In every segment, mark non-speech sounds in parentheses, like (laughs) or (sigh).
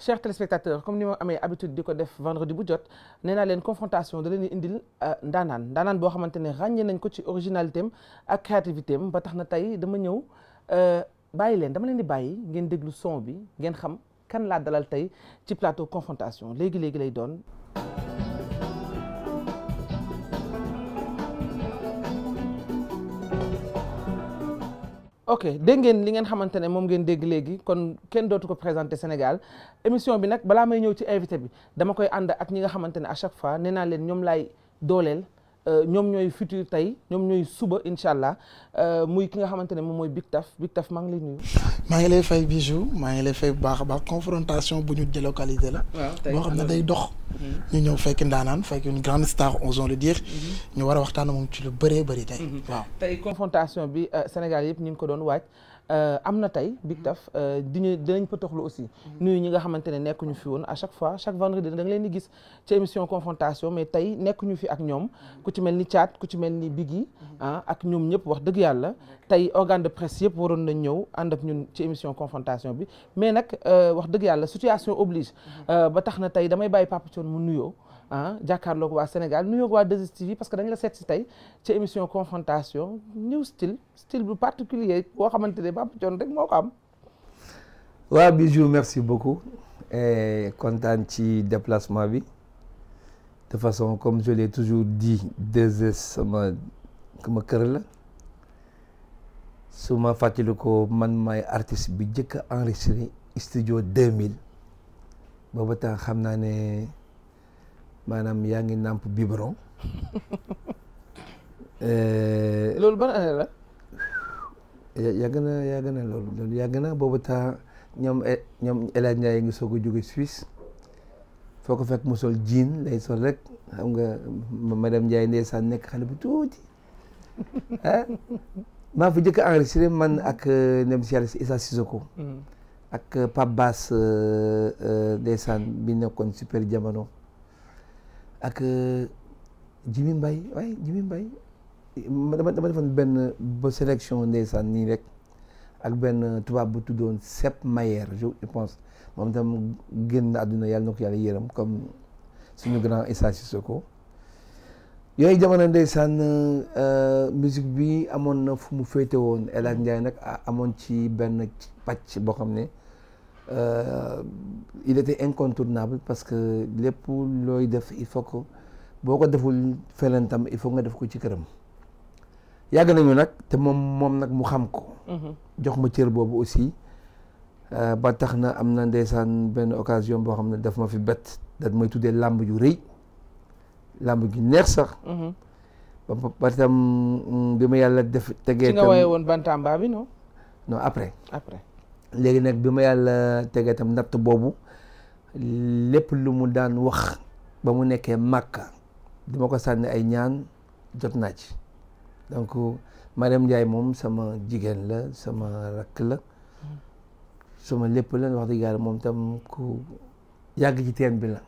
chers téléspectateurs comme ni ma amee habitude di ko def vendredi bu jot neena leen confrontation da leen indil euh, ndaanaan ndaanaan boo xamante ne ràññee nañ ko ci originalité am ak créativité am ba tax na tey dama ñëw euh, bàyyi leen dama leen di bàyyi ngeen déglu son bi ngeen xam kan laa dalal tey ci plateau confrontation léegi léegi lay doon. ok dégg ngeen li ngeen xamante ne moom ngeen dégg léegi kon kenn dootu ko présenté Sénégal émission bi nag balaa may ñëw ci invité bi dama koy ànd ak ñi nga xamante ne à chaque fois nee naa leen ñoom lay dooleel Euh, ñoom ñooy futur tey ñoom ñooy suba incha allah euh, muy ki nga xamante ne moom mooy Big Taf Big Taf maa ngi maa ngi lay fay bijou maa ngi lay fay bu baax a baax confrontation bu ñu délocalisé la. boo xam ne day dox. Hmm. ñu ñëw fekk ndaanaan fekk une grande star osons le dire. Hmm. ñu war a waxtaan moom ci lu bëree bëri tey. Hmm. waaw tey confrontation bi euh, Sénégal yëpp ñu ngi ko doon waaj. Euh, am na tey Big mm-hmm. Taf euh, diñu dinañ pëtaxlu aussi mm-hmm. nuyu ñi nga xamante ne nekkuñu fi woon à chaque fois chaque vendredi da nga leen di gis ci émission confrontation mais tey nekk fi ak ñoom mm-hmm. ku ci mel ni Thiat ku ci mel ni Biggi ah ak ñoom ñëpp wax dëgg yàlla tey organe de presse yëpp waroon nañ ñëw ànd ak ñun ci émission confrontation bi mais nag euh, wax dëgg yàlla situation oblige ba tax na tey damay bàyyi Papa Thione mu nuyoo ah jàkkaarloog waa Sénégal nuyoog waa 2STV parce que dañ la seet si tey ci émission confrontation new style style bu particulier boo xamante ne Pape Thione rek moo ko am. waaw merci beaucoup kontaan ci déplacement bi de façon comme je l'ai toujours di 2 sama sama kër la su ma fàttali ko man maay artiste bi njëkk a enregistré studio 2000 booba temps xam naa ne. maanaam yaa ngi nàmp biberon. (laughs) Eh, loolu ban année la. yàgg na yàgg na loolu loolu yàgg na boobu temps ñoom eh, ñoom El Hadj Ndiaye ngi soog a jóge Suisse foo ko fekk mu sol lay sol rek xam nga madame Ndiaye ndeysaan nekk xale bu tuuti (laughs) ah fu fi njëkk a enregistré man ak euh, ndem si yàlla Issa Sissoko mm. ak euh, Pape Bass euh, ndeysaan bi nekkoon super jamono. ak euh, Jimi Mbaye waaye Jimi Mbaye dama dama defoon benn ba sélection ndeysaan nii rek ak benn tubaab bu tuddoon Sepp Mayer je pense moom tam génn àdduna yàlla na ko yàlla yërëm comme suñu grand Issa Sissoko yooyu jamono ndeysaan euh, euh, musique bi amoon na fu mu féete woon El Hadj Ndiaye nag amoon ci benn pàcc boo xam ne Euh, il était incontournable parce que lépp looy def il faut que boo ko deful felentam il faut nga def ko ci këram yàgg nañu nag te moom moom nag mu xam ko mhm. jox ma cër boobu aussi euh, ba tax na am na ndeysaan benn occasion boo xam ne daf ma fi bett dat may tuddee làmb ju rëy làmb ju neex sax mhm. ba tam mm, bi ma yàlla def tegee ci nga woye woon bantamba bi non après léegi nag bi ma yàlla tegee tam natt boobu lépp lu mu daan wax ba mu nekkee màkka dama ko sànni ay ñaan jot naa ci donc Mariam njaay moom sama jigéen la sama rakk la sama lépp la wax dëgg yàlla moom tam ku yàgg ci teen bi la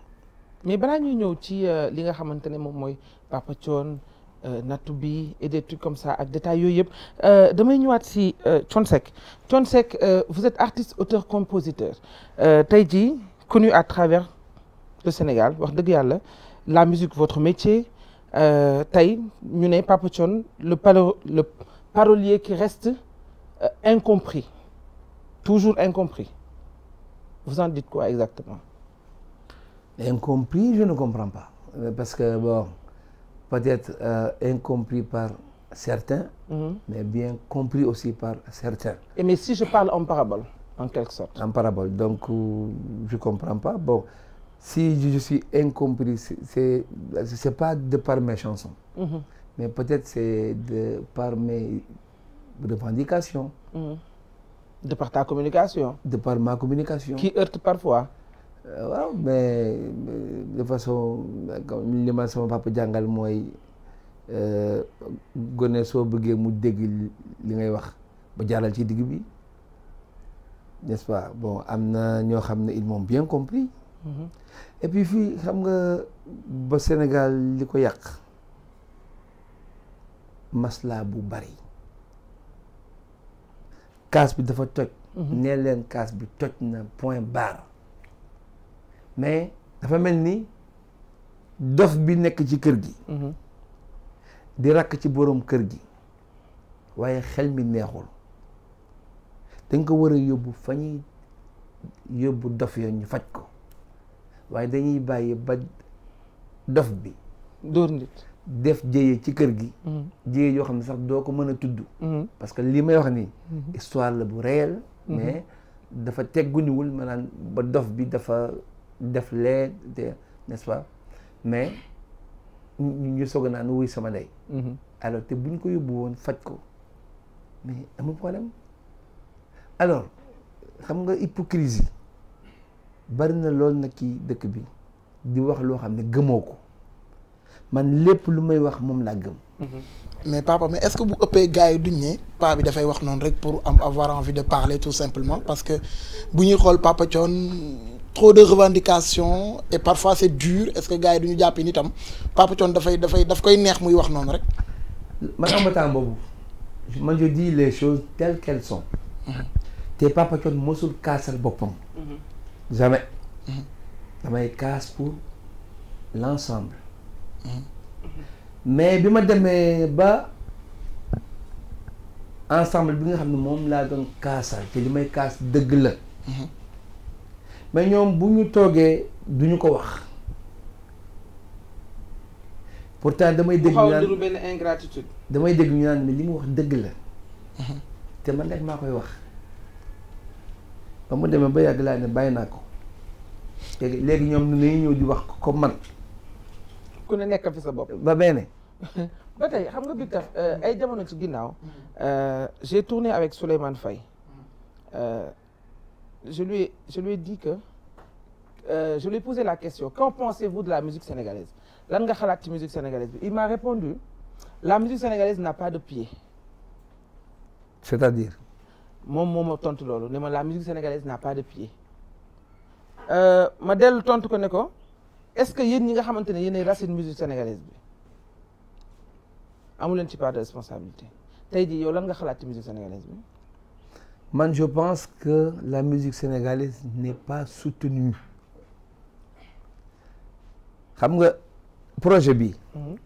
mais balaa ñuy ñëw ci euh, li nga xamante ne moom mooy Papa Thione Euh, nattu bi et des trucs comme ça ak détails yooyu yëpp euh, damay ñëwaat si euh, Thionsek Thionsek vous êtes artiste auteur compositeur tey jii connu à travers le Sénégal wax dëgg yàlla la musique votre métier tey ñu ne Papa le paro le parolier qui reste incompris toujours incompris vous en dites quoi exactement incompris je ne comprends pas parce que bon peut-être euh, incompris par certains, mm -hmm. mais bien compris aussi par certains. Et mais si je parle en parabole, en quelque sorte En parabole, donc euh, je ne comprends pas. Bon, si je, je suis incompris, ce n'est pas de par mes chansons, mm -hmm. mais peut-être c'est de par mes revendications. Mm -hmm. De par ta communication De par ma communication. Qui heurte parfois waaw mais de façon li sama papa jàngal mooy euh, gone soo bëggee mu dégg li ngay wax ba jaaral ci digg bi n'est-ce pas bon am na ñoo xam ne ils moom bien compris mm-hmm. et puis fii xam nga ba Sénégal li ko yàq maslaa bu bari kaas bi dafa toj mm-hmm. nee leen kaas bi toj na point barre mais dafa mel ni dof bi nekk ci kër gi mhm. di rakk ci boroom kër gi waaye xel mi neexul dañ ko war a yóbbu fa ñuy yóbbu dof yo ñu faj ko waaye dañuy bàyyi ba dof bi dóor nit def jéyee ci kër gi mhm. jéyee yoo xam ne sax doo ko mën a tudd mhm. parce que li may wax nii histoire la bu réel mais dafa tegguñuwul maanaam ba dof bi dafa def lee de n'est-ce mais ñu soog a naan wuy sama ndey mhm. alors te buñ ko yóbbu woon faj ko mais amul problème alors xam nga hypocrisie bari na lool nag ci dëkk bi di wax loo xam ne gëmoo ko man lépp lu may wax moom laa gëm. Mhm. mais papa mais est-ce que bu ëppee gars duñ ne paa bi dafay wax noonu rek pour am avoir envie de parler tout simplement parce que bu ñuy xool papa Thione trop de revendications et parfois c'est dur est-ce que gars yi du ñu jàpp ni tam Papa dafay dafay daf koy neex muy wax noonu rek. man amataan boobu man je dis les choses telles qu'elles mhm. te Papa mosul kaasal boppam. Mhm. jamais. Mhm. damay kaas pour l'ensemble. mais bi ma demee ba ensemble bi nga xam ne moom laa doon kaasal te li may kaas dëgg la. mais ñoom bu ñu toogee du ñu ko wax pourtant damay dégg ñu naan benn damay dégg ñu naan li mu wax dëgg la mhm. te man rek maa koy wax ba mu demee ba yàgg laa ne bàyyi naa ko léegi léegi ñoom nu nañu ñëw di wax ko man ku ne nekk fi sa bopp ba benn (laughs) ba tey xam nga Big euh, ay jamono ci ginnaaw mhm. euh, j'ai tourné avec Souleymane fay mhm. euh, je lui di je lui ai dit que euh, je lui ai la question qu'en pensez-vous de la musique sénégalaise lan nga xalaat ci musique sénégalaise bi m'a répondu la musique sénégalaise n'a pas de pied. c'est-à-dire. moom moo ma tontu loolu ne ma la musique sénégalaise n'a pas de pied euh, ma dellu tontu ku ne ko est-ce que yéen ñi nga xamante ne yéenay racine musique sénégalaise bi amu leen ci part de responsabilité tey jii yow lan nga xalaat ci musique sénégalaise bi. man je pense que la musique sénégalaise n'est pas soutenue xam nga projet bi mhm.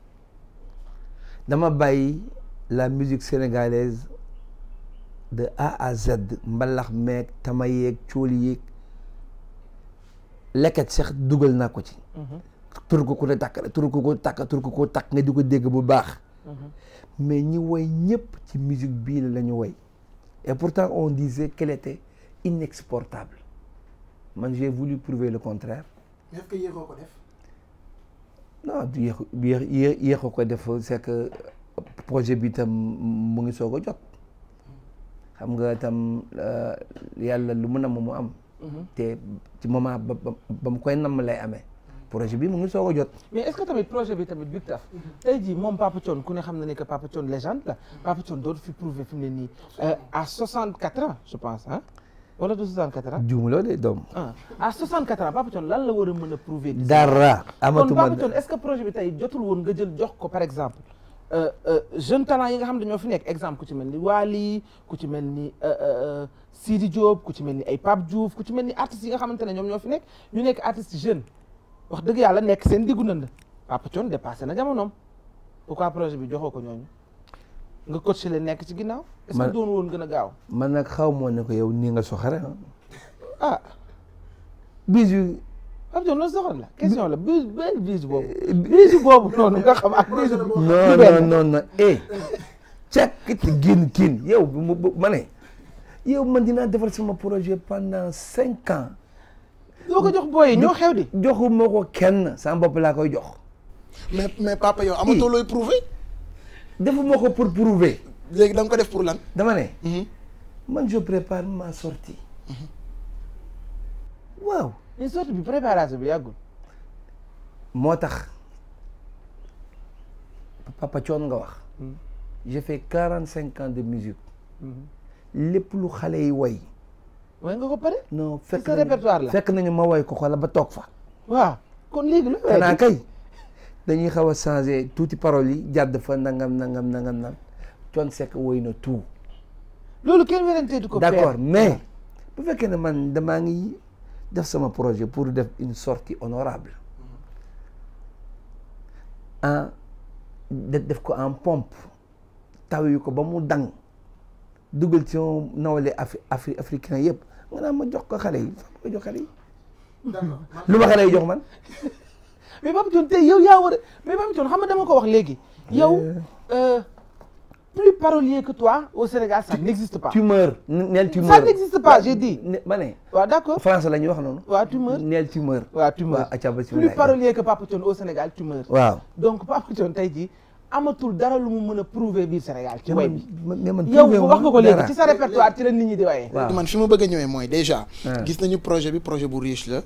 dama bàyyi la musique sénégalaise de A à Z mbalax meeg tama yeeg cooli yeeg leket sax dugal naa ko ci mhm. tur ko ko tàkk tur ko ko tàkk tur nga di ko dégg bu baax mhm. mais ñi woy ñëpp ci musique bii la ñu woy Et pourtant, on disait qu'elle inexportable. man j'ai voulu prouver le contraire. est-ce que yéexoo ko def. non du yéex ko def c'est que projet bi tam mu ngi soog a jot. xam nga tam euh, yàlla lu mu namm mu am. Mhm. te ci moment ba ba mu koy namm lay amee. projet bi mu ngi soog jot. mais est-ce tamit projet bi tamit Big Taf tey jii Papa Thione ku ne xam na ne que Papa Thione légende la Papa Thione dootu fi prouvé fi mu ne nii euh, à 64 wala du 64 ans. juumuloo de doom. Ah, lan la war a mën a prouvé. dara amatuma kon Papa Thione est-ce que projet bi tey jotul woon nga jël jox ko par exemple. Euh, euh, jeune talent yi nga xam ne ñoo fi nekk exemple ku ci mel ni Wally ku ci mel ni Sidi Diop ku ci mel ni ay Pape Diouf ku ci mel ni artistes yi nga xamante ne ñoom ñoo fi nekk ñu nekk artiste jeune. wax dëgg yàlla nekk seen diggu nënd Papa Thione dépassé na jamonoom pourquoi projet bi joxoo ko ñooñu nga coaché leen nekk ci ginnaaw. est-ce doon woon gën a gaaw. man nag xaw moo ne ko yow nii nga soxare ah. ah. bisu. Papa la question la bisu benn bisu boobu. bisu nga xam ak bisu. non non non non eh. càkk te génn génn yow ma ne. yow man dinaa defar sama projet pendant cinq ans. doo ko jox booy ñoo xew di. joxuma ko kenn sama bopp laa koy jox. mais mais papa yow amatoo looy prouver. defuma ko pour prouver. léegi da ko def pour lan. dama ne. Mhm. man je prépare ma sortie. Mhm. waaw. une sortie bi préparation bi yàggul. moo tax papa coon nga wax. Mhm. j'ai fait quarante cinq ans de musique. lépp lu xale yi woy way nga ko pare. non fekk nañu la fekk nañu ma woy ko xoola ba toog fa. waaw kon léegi lu xanaa kay. dañuy xaw a changé tuuti paroles yi jàdd fa nangam nangam nangam nangam Thione Seck woy na tout. loolu kenn weranteetu ko. d'accord mais bu fekkee ne man damaa ngi def sama projet pour def une sortie honorable ah, en def ko en pompe taw yi ko ba mu dang dugal ci nawle afri africain yëpp nga naan ma jox ko xale yi fa ma jox xale yi. (laughs) lu ma xale yi jox man. (laughs) mais Pape Thione tey yow yaa war a mais Pape Thione xam nga dama ko wax léegi. Eh. yow euh, plus parolier que toi au Sénégal ça n'existe pas. tumeur neel tumeur ça n'existe pas j'ai dit. ma ne. waaw d'accord la ñuy wax noonu. waaw tumeur neel tumeur. waaw tumeur waaw acaba plus parolier que Pape Thione au Sénégal tumeur. waaw donc Pape Thione tey jii. amatul dara lu mu mën a prouver bi Sénégal ci way bi yow wax nga ko léegi ci sa répertoire ci la nit ñi di waaye man fi ma bëgg a mooy déjà gis nañu projet bi projet bu riche la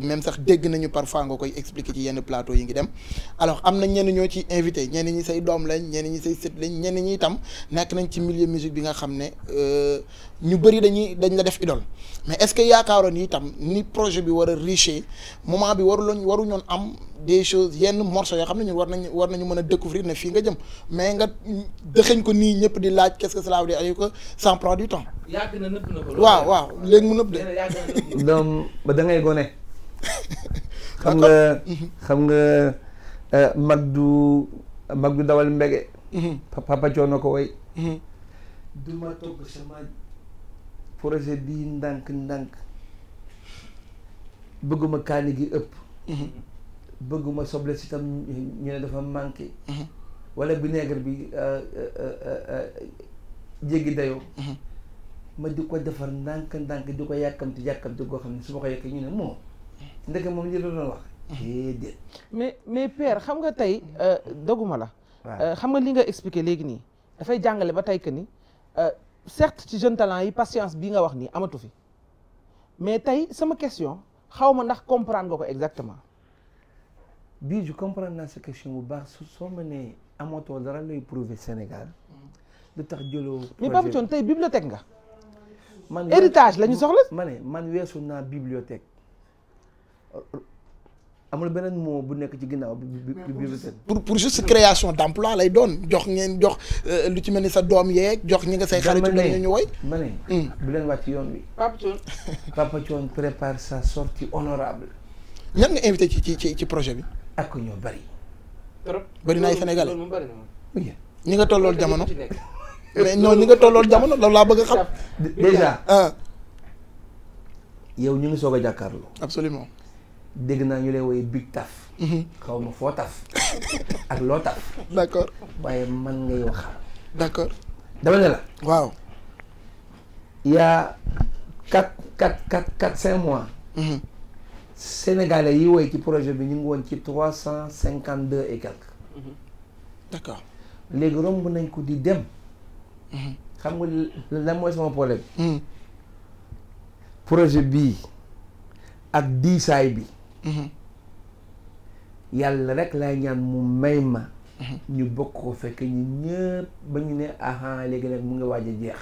même sax dégg nañu parfois nga koy expliquer ci yenn plateau yi ngi dem alors am na ñenn ñoo ci invité ñenn ñi say doom lañ ñenn ñi say sët lañ ñenn ñi itam nekk nañ ci milieu musique bi nga xam ne euh, ñu bëri dañuy dañ la def idole mais est-ce que yaakaaroon itam ni projet bi war a riche moment bi war waruloon waruñoon am des choses yenn morceaux yoo xam ne ñu war nañ war nañu mën a découvrir ne fii nga jëm mais nga dëxëñ ko nii ñëpp di laaj qu'est-ce que cela veut dire ayu ko sans prendre du temps. yàgg na nëbb na da ngay gone. xam nga xam nga eh, mag du mag du dawal mbege papa coono ko way duma togg sama projet bii ndànk ndànk bëgguma kaani gi ëpp bëgguma soble si tam ñu ne dafa manqué wala vinaigre bi eh, eh, jéggi dayoo mhm. ma di ko defar ndànk ndànk di ko yàkkamti yàkkamti goo xam ne su ma ko yekkee ñu ne moo ndeke moom li la wax. mais mais père xam nga tey euh, doguma la. Euh, xam nga li nga expliqué léegi nii dafay jàngale ba tey que ni euh, certes ci jeune talent yi patience bii nga wax nii amatu fi mais tey sama question xaw ma ndax comprendre nga ko exactement. bii je comprendre naa sa question bu baax su soo ma nee amatoo dara lay prouver Sénégal. lu tax jëloo. projet mais Pape Thione tey bibliothèque nga. man héritage la ñu soxla. ma ne man weesu naa bibliothèque. amul beneen mot bu nekk ci ginnaaw bi pour pour juste création d' emploi lay doon jox ngeen jox euh, lu ci mel ni sa doom yeeg jox ñi nga say xarit dañu ñu woy ma ne hmm. bu leen wàcc yoon bi Papa Thione Papa Thione prépare sa sortie honorable ñan nga invité ci ci ci projet bi ak ñoo bari trop bari na ay sénégalais ñi nga tollool jamono mais non ñi nga tollool jamono loolu laa bëgg a xam déjà ah. yow ñu ngi soog a jàkkaarloo absolument dégg naa ñu lay woowee big taf. Mhm. xaw ma foo taf ak loo taf. d' accord waaye man ngay wax. d' accord dama ne la. waaw. y' a quatre quatre quatre quatre cinq mois. Mhm. Sénégalais yi woy ci projet bi ñu ngi woon ci trois cent cinquante deux et quelque. Mhm. d' accord léegi romb nañ ko di dem. xam nga lan mooy sama problème. projet bii ak diisaay bi. Mhm. yàlla rek lay ñaan mu may ma. Mhm. ñu bokk ko fekk ñu ñëpp ba ñu ne ah léegi nag mu ngi waaj a jeex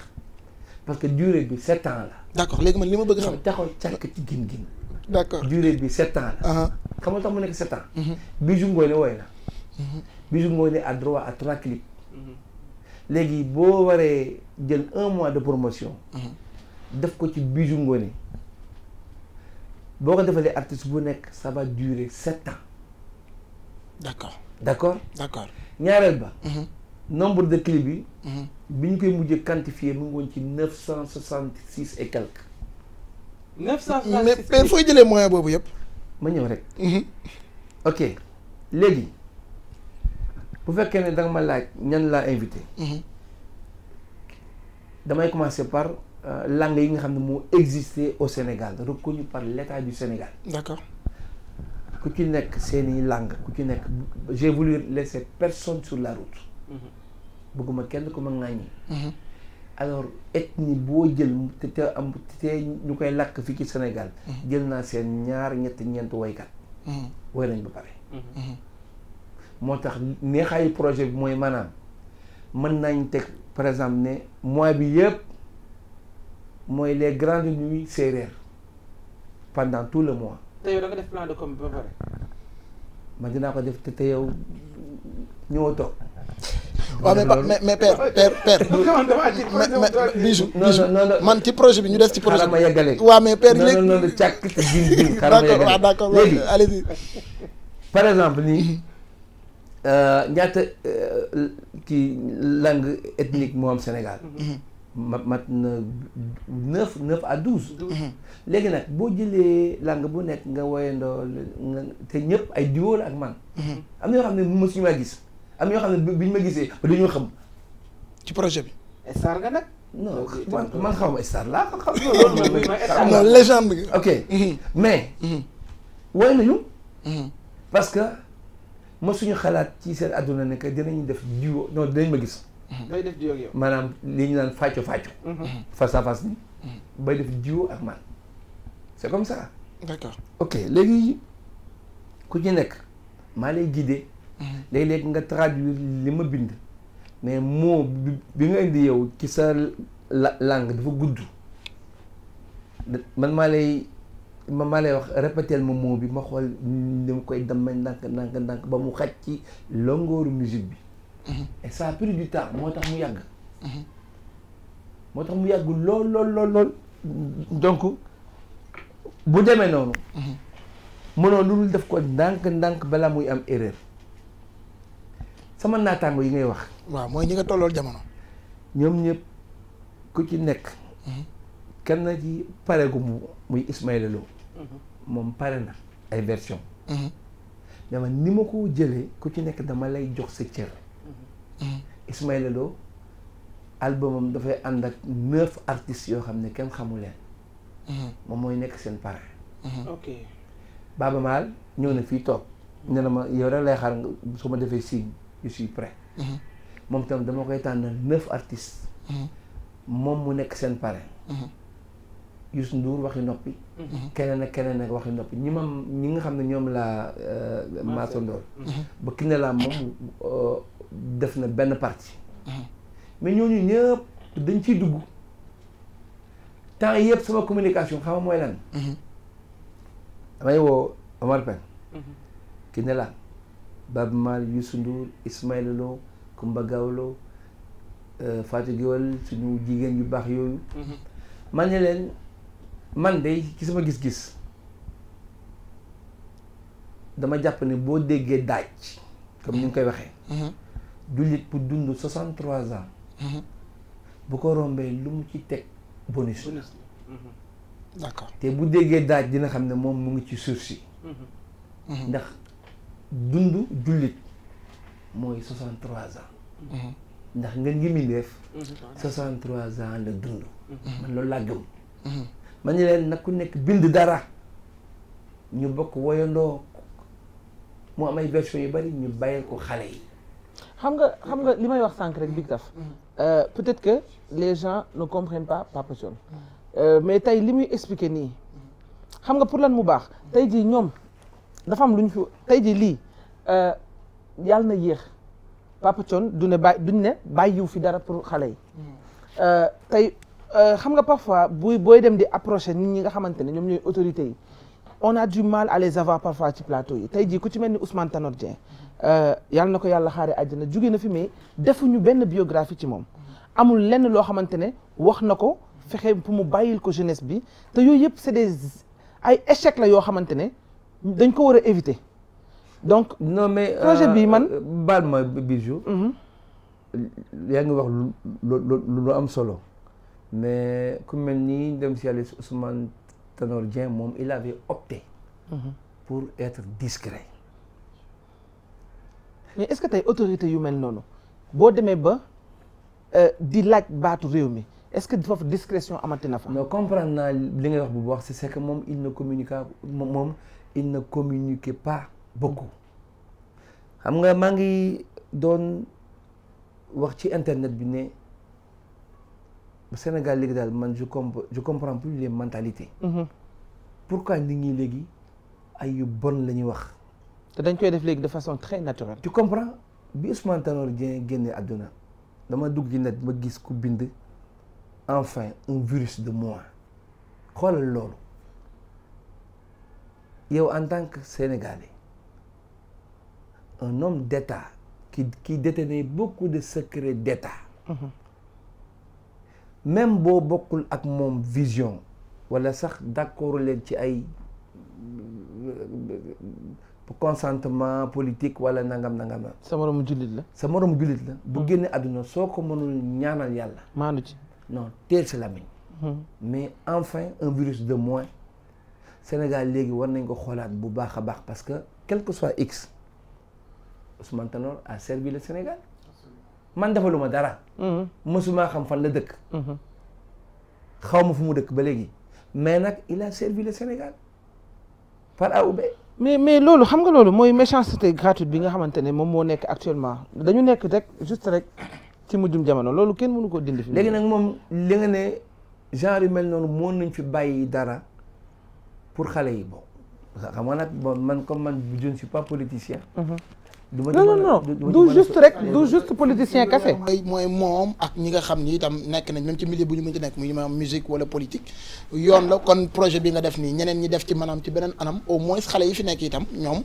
parce que durée bi sept la. d' accord léegi man li ma bëgg xam taxaw càkk ci gin gin. d' accord durée bi sept la. xam nga tax mu nekk sept ans. Mhm. Bijou Ngoné woy na. Bijou Ngoné a droit à trois clips. léegi boo waree jël un mois de promotion. def ko ci Bijou Ngoné. boo ko defalee artiste bu nekk sa va durer sept ans. d' accord d' ñaareel ba. Mhm. nombre de clip bi. Mhm. bi ñu koy mujjee quantifié mu ngi woon ci neuf cent soixante six et quelques. neuf cent soixante six mais mais fooy jëlee moyen boobu yëpp. ma ñëw rek. Mhm. ok léegi bu fekkee ne danga ma laaj ñan laa invité. damay commencer Euh, langue yi nga xam ne moo existé au Sénégal reconnu par l'État du Sénégal. d'accord. ku ci nekk seeni langue ku ci nekk j'ai voulu laisser personne sur la route. Mhm. bëgguma kenn ku ma ŋàññi. Mhm. alors ethnie boo jël te te ñu koy lakk fii ci Sénégal. Mhm. jël naa seen ñaar ñett ñeent woykat. woy nañ ba pare. moo tax neexaayu projet bi mooy maanaam mën nañ teg par exemple ne mois bi yëpp. mooy les grandes nuits séeréer pendant tout le mois. te yow da nga def plan de com ba pare. man dinaa ko def te te yow ñëwoo toog. waaw mais mais père père père. bijou bijou man ci projet bi ñu def ci projet bi. ma yeggale waaw mais père léegi non non non càkk te jiw jiw. (laughs) xaaral ma yeggale d'accord d'accord léegi allez-y par exemple nii euh, ñaata euh, kii langue ethnique moom am Sénégal. Mhm. mat mat na neuf neuf à mhm. léegi nag boo jëlee langue bu nekk nga woyandoo te ñëpp ay duo la ak man mhm. am na yoo xam ne mosuñu maa gis am na yoo xam ne bi biñu ma gisee ba dañoo xam ci projet bi star nga nag non man man xaw ma euh, star laa xam xam (laughs) non légende nga ok mhm. mais woy nañu parce que mosuñu xalaat ci seen adduna ne que def duo non dinañ ma gis day mhm. def jiw maanaam li ñu naan fàccu fàccu. Mhm. Mhm. face à face bay def jiw ak man c'est comme ça. ok léegi ku ci nekk maa lay guider. léeg-léeg nga traduire li ma bind. mais mot bi nga indi yow ci sa la langue dafa gudd. man maa lay man maa lay wax répéteel ma moo bi ma xool ni ma koy demee ndànk ndànk ndànk ba mu xaj ci longooru musique bi. et ça a pris du temps moo tax mu yàgg. Mhm. moo tax mu yàgg lool lool lool lool. bu demee noonu. Mhm. mënoo lu dul def ko ndànk ndànk balaa muy am erreur. sama naataango yi ngay wax. waaw mooy ñi nga tollool jamono. ñoom ñëpp ku ci nekk. Mhm. kenn na ci pare gu mu muy Ismaïla moom pare na ay version mais ni ma ko jële ku ci nekk dama lay jox sa cër. Mm. Ismaïla Lo albumam dafay ànd ak neuf artistes yoo xam ne kenn xamu leen mm. moom mooy nekk seen parrain mm. ok Baba Maal ñëw na fii toog ne na ma yow lay xaar nga su ma defee signe je suis prêt moom itam dama koy tànn neuf artistes moom mu nekk seen parrain Youssou Ndour waxi noppi keneen ak keneen ak waxi noppi ñi ma ñi nga xam ne ñoom laa euh, maasandoor ba ki laa moom euh, def na benn parti mhm. mais ñooñu ñëpp dañ ciy dugg temps yëpp sama communication xam mooy lan. Mhm. damay woo Omar Pène. Mhm. Kiné Lam Baaba Maal Youssou Ndour Ismaël Lo Kumba Gawlo euh, Fatou Guewel suñu jigéen yu baax yooyu. man ne leen man de ci sama gis-gis dama jàpp ne boo déggee daaj. comme ni nga koy waxee. jullit bu dund 63 ans. Mhm. bu ko rombee lu mu ci teg bonus la. Mhm. te bu déggee daaj dina xam ne moom mu ngi ci suuf si. Mhm. ndax dund jullit mooy 63 ans. ndax nga ngi mi def. 63 ans la dund. man loolu laa gëm. man leen nag ku nekk bind dara ñu bokk woyandoo mu am ay version yu bari ñu bàyyil ko xale yi. xam nga xam nga li may wax sànq rek Big Taf mm-hmm. euh, peut-être que les gens ne comprennent pas Papa Thione mm-hmm. euh, mais tey li muy expliquer nii xam nga pour lan mu baax tey jii ñoom dafa am lu ñu fi tey jii lii euh, yàlla na yéex Papa Thione du ne bàyyi duñ ne bàyyiw fi dara pour xale yi mm-hmm. tey xam nga parfois buy booy dem de approcher nit ñi nga xamante ne ñoom ñooy autorités yi on a du mal à les avoir parfois ci plateau yi tey jii ku ci mel ni Ousmane Tanor Dieng Euh, yàlla na ko yàlla xaare àjjana jóge na fi mais defuñu benn biographie ci moom amul lenn loo xamante ne wax na ko fexe pour mu bàyyil ko jeunesse bi te yooyu yëpp c'est des ay échec la yoo xamante ne dañ ko war a éviter donc no mais projet bi euh, man baal ma Bijou mhm. yaa ngi wax lu lu am solo mais ku mel nii dem si yàlla Ousmane Tanor Dieng moom il avait opté mhm. pour être discret mais est-ce que tey autorité yu mel noonu boo demee ba euh, di laaj baatu réew mi est-ce que foofu discrétion amati na fa. non comprendre naa li ngay wax bu baax c'est que moom il ne communique moom il ne communique pas bokku xam nga maa ngi doon wax ci internet bi ne Sénégal léegi daal man ju comp je comprends plus les mentalités. Mm-hmm. nit ñi léegi ay yu bon la wax. te dañ koy def léegi de façon très naturelle. tu comprends bi Ousmane Tanor Dieng génne àdduna dama dugg ci net ma gis ku bind enfin un virus de moi xoolal loolu yow en tant que Sénégalais un homme d'État qui qui détenait beaucoup de secrets d'État. Mhm. même boo bokkul ak moom vision wala sax d'accord leen ci ay. consentement politique wala nangam nangam la. sa moromu jullit la. sa moromu jullit la. bu hmm. génne àdduna soo ko mënul ñaanal yàlla. maandu hmm. mais enfin un virus de moins Sénégal léegi war nañ ko xoolaat bu baax a baax parce que quel que soit x Ousmane Tanor a servi le Sénégal. man defaluma dara. Hmm. mësuma xam fan la dëkk. xaw ma fu mu dëkk ba léegi mais nag il a servi le Sénégal par A ou mais mais loolu xam nga loolu mooy méchanceté gratuite bi nga xamante ne moom moo nekk actuellement dañu nekk rek juste rek ci jum jamono loolu kenn mënu ko dindi fi léegi nag moom li nga ne genre yu mel noonu moo nañ fi bàyyi dara pour xale yi bon xam nga nag bon man comme man jun ne suis pas politicien mm-hmm. non non non du juste rek du juste politicien kese. mooy mooy moom ak ñi nga xam ni itam nekk nañ même ci milieu bu ñu mën ci nekk muy maanaam musique wala politique yoon la kon projet bi nga def nii ñeneen ñi def ci maanaam ci beneen anam au moins xale yi fi nekk itam ñoom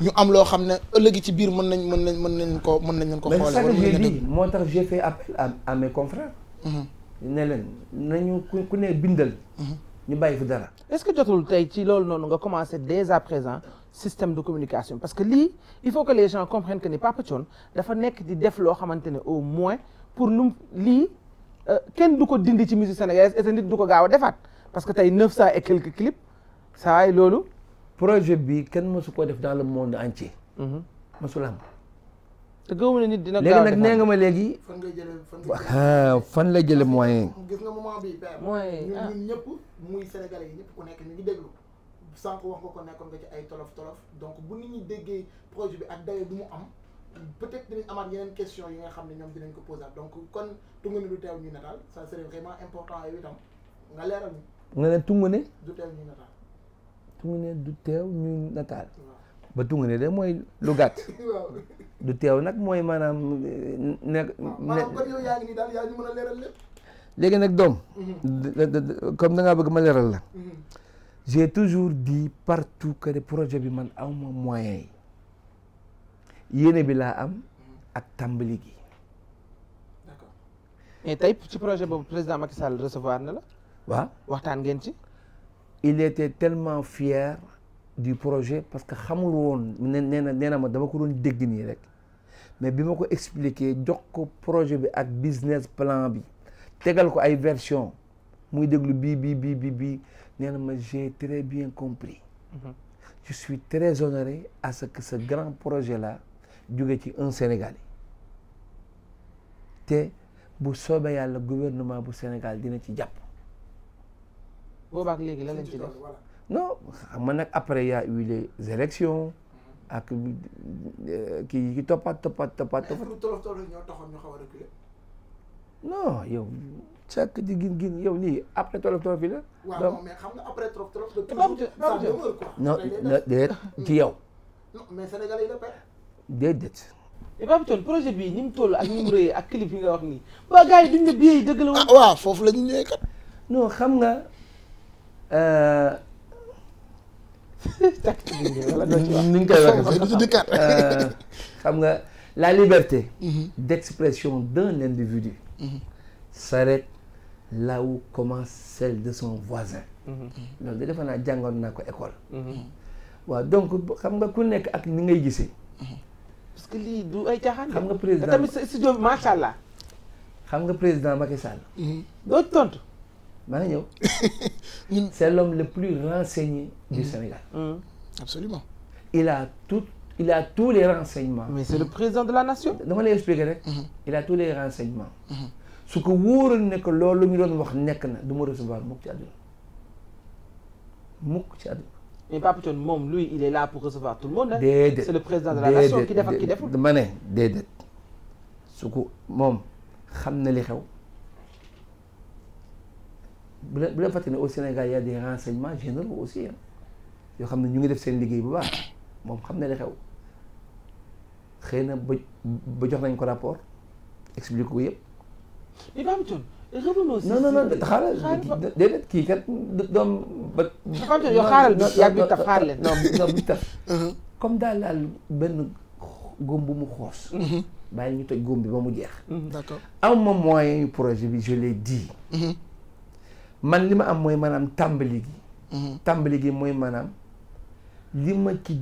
ñu am loo xam ne ëllëg ci biir mën nañ mën nañ mën nañ ko mën nañ ko xool moo tax j'ai fait appel à mes confrères mhm. ne leen nañu ku nee bindal mhm. ñu bàyyi fi dara est-ce que jotul tey ci loolu noonu nga commencé dès à système de communication parce que lii il faut que les gens comprennent que ni Papa Thione dafa nekk di def loo xamante ne au moins pour nu lii euh, kenn du ko dindi ci musique sénégalaise et nit du ko gaaw a defaat parce que tey neuf cent et quelques clips saa loolu. projet bi kenn mësu ko def dans le monde entier. Mhm. mësul am. te gëwuma ne nit dina gaaw a léegi nag nee nga ma léegi. fan la jëlee (laughs) ah, fan la jëlee moyen. gis nga moment bii. moyen ah. ñëpp muy sénégalais yi ñëpp nekk ñu ngi sànq wax nga ko nekkoon nga ci ay tolof tolof donc bu nit ñi déggee projet bi ak dayo bi mu am peut-être dinañ amaat yeneen question yi nga xam ne ñoom dinañ ko posé donc kon tungu ne du teew ñuy nataal ça serait vraiment important yow itam nga leeral ñu nga ne tungu ne du teew ñuy nataal tungu ne du teew ñuy nataal ba tungu ne de mooy lu gàtt (laughs) du teew nag mooy maanaam eh, nekk maanaam kon daal yaa ngi léegi nag doom mhm. comme da ngaa bëgg ma leeral la mhm. j'ai toujours dit partout que le projet bi man aw ma moyen yi yéene bi laa am ak tàmbali gi. d'accord te tey ci projet boobu président Macky Sall recevoir na la. waaw waxtaan ngeen ci. il était tellement fier du projet parce que xamul woon nee na nee na ma dama ko doon dégg nii rek mais bi ma ko expliqué jox ko projet bi ak business plan bi tegal ko ay version muy déglu bii bii bii. nee ma j'ai très bien compris mhm. je suis très honoré à ce que ce grand projet la jóge ci un Sénégalais te bu soobee yàlla gouvernement bu Sénégal dina ci jàpp. boobaak léegi la lañ nag après y a eu les élections mhm. ak euh, kii ki toppaat toppat toppaat. toppaat ñoo taxoon ñu xaw chaque jigéen gin yow lii après tolof tolof bi la. waaw mais xam nga après tolof tolof. non déet ci yow. mais Sénégal yi la pare. bi ni mu ak ni mu ak clip yi nga wax nii waa gars yi duñ la biyee dëgg woon. ah foofu la ñu ñëwee kat. non xam nga. Euh, (laughs) ni nga koy waxee euh, xam nga la liberté. Mhm. d'expression d'un individu. Mhm. s'arrête la où commence celle de son voisin. Mm-hmm. loolu de defe naa jàngoon na ko école. Mm-hmm. waaw donc xam nga ku nekk ak ni ngay gisee. Mm-hmm. parce que lii ay caaxaan. xam nga président te tamit studio bi allah. xam nga président Macky Sall. doo tontu. maa ngi ñëw. (laughs) ñun c'est le plus renseigné du Sénégal. absolument. il a tout il a les renseignements. mais c'est le président de la nation. dama lay expliquer rek. il a tous les renseignements. su ko wóoral ne que loolu ñu doon wax nekk na du ma recevoir mukk ci àdduna mukk ci àdduna. mais moom lui il est là pour recevoir tout le monde. déedéet c'est le de la nation ki def déedéet su ko moom xam na li xew. bu leen bu leen fàtte ne au Sénégal y a des renseignements généraux aussi yoo xam ne ñu ngi def seen liggéey bu baax moom xam na li xew xëy na ba ba jox nañ ko rapport explique ko yëpp. mais Babaton revenons si non non non xaaral déedéet kii kat doom ba. Babaton yow xaaral bi yàgg bi taf xaar leen. non non bi taf. Uh-huh. comme daal laal benn góom bu mu xoos. Uh-huh. bàyyi ñu toj góom bi ba mu jeex. Uh-huh. d'accord am ma moyen projet bi je l'ai dit. man li ma am mooy maanaam tàmbali gi. tàmbali gi mooy maanaam li ma ci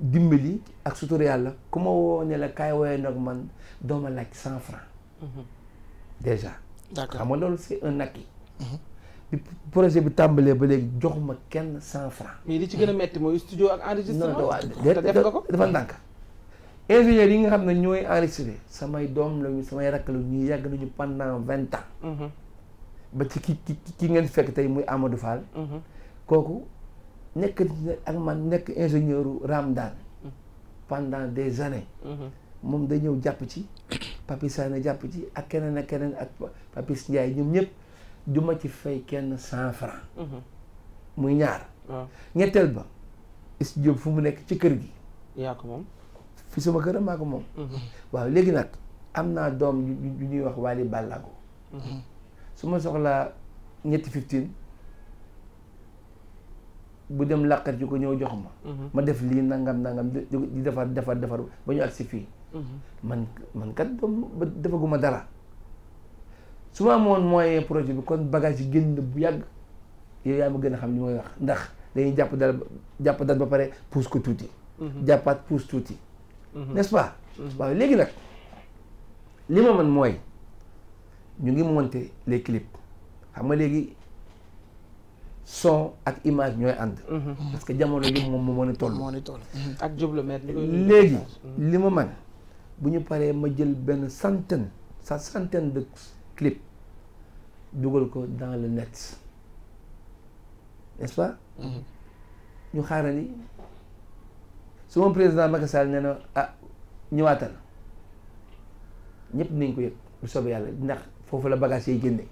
dimbali ak sutur yàlla ku ma woo ne la kaay woowee nag man dooma laaj cent franc. déjà. d'accord xam nga loolu c'est un acquis. Mhm. bi projet bi tàmbalee ba léegi joxuma kenn cent francs. mais li ci gën a métti mooy studio ak enregistrement. te def nga dafa ndànk. ingénieurs yi nga xam ne ñooy enregistré samay doom lañu samay rakk lañu ñu yàgg nañu pendant vingt ans. Mhm. ba ci ki ki ki ngeen fekk tey muy Amadou Fall. Mhm. kooku nekk ak man nekk ingénieur u Ramdan pendant des années. moom day ñëw jàpp ci Papis Sané jàpp ci ak keneen ak keneen ak Papis Ndiaye ñoom ñëpp du ma ci fay kenn cent franc mhm. muy ñaar ñetteel ba studio fu mu nekk ci kër gi yaa ko moom fi sama kër maa ko moom mhm. waaw léegi nag am naa doom yu ñuy wax Wally Ballago mhm. su ma soxlaa ñetti fifteen bu dem làqat ji ko ñëw jox ma ma def lii nangam nangam di defar defar defar ba ñu agsi fii man man kat defaguma dara su ma amoon moyen projet bi kon bagage yi génn bu yàgg yow yaa gën a xam li may wax ndax dañuy jàpp dal jàpp dal ba pare pousse ko tuuti. Mhm. jàppaat pousse tuuti. Mhm. n'est-ce mhm. waaw léegi nag li ma man mooy ñu ngi monter les clips xam nga léegi son ak image ñooy ànd. parce que jamono ji moom moo moo ni toll léegi li ma man bu ñu paree ma jël benn santen sa centaine de clips dugal ko dans le net n'est-ce pas mhm. ñu xaarali su moom président Macky Sall nee na ah ñëwaatal ñëpp nañ ko yëg bu soobee yàlla ndax foofu la bagage yi génne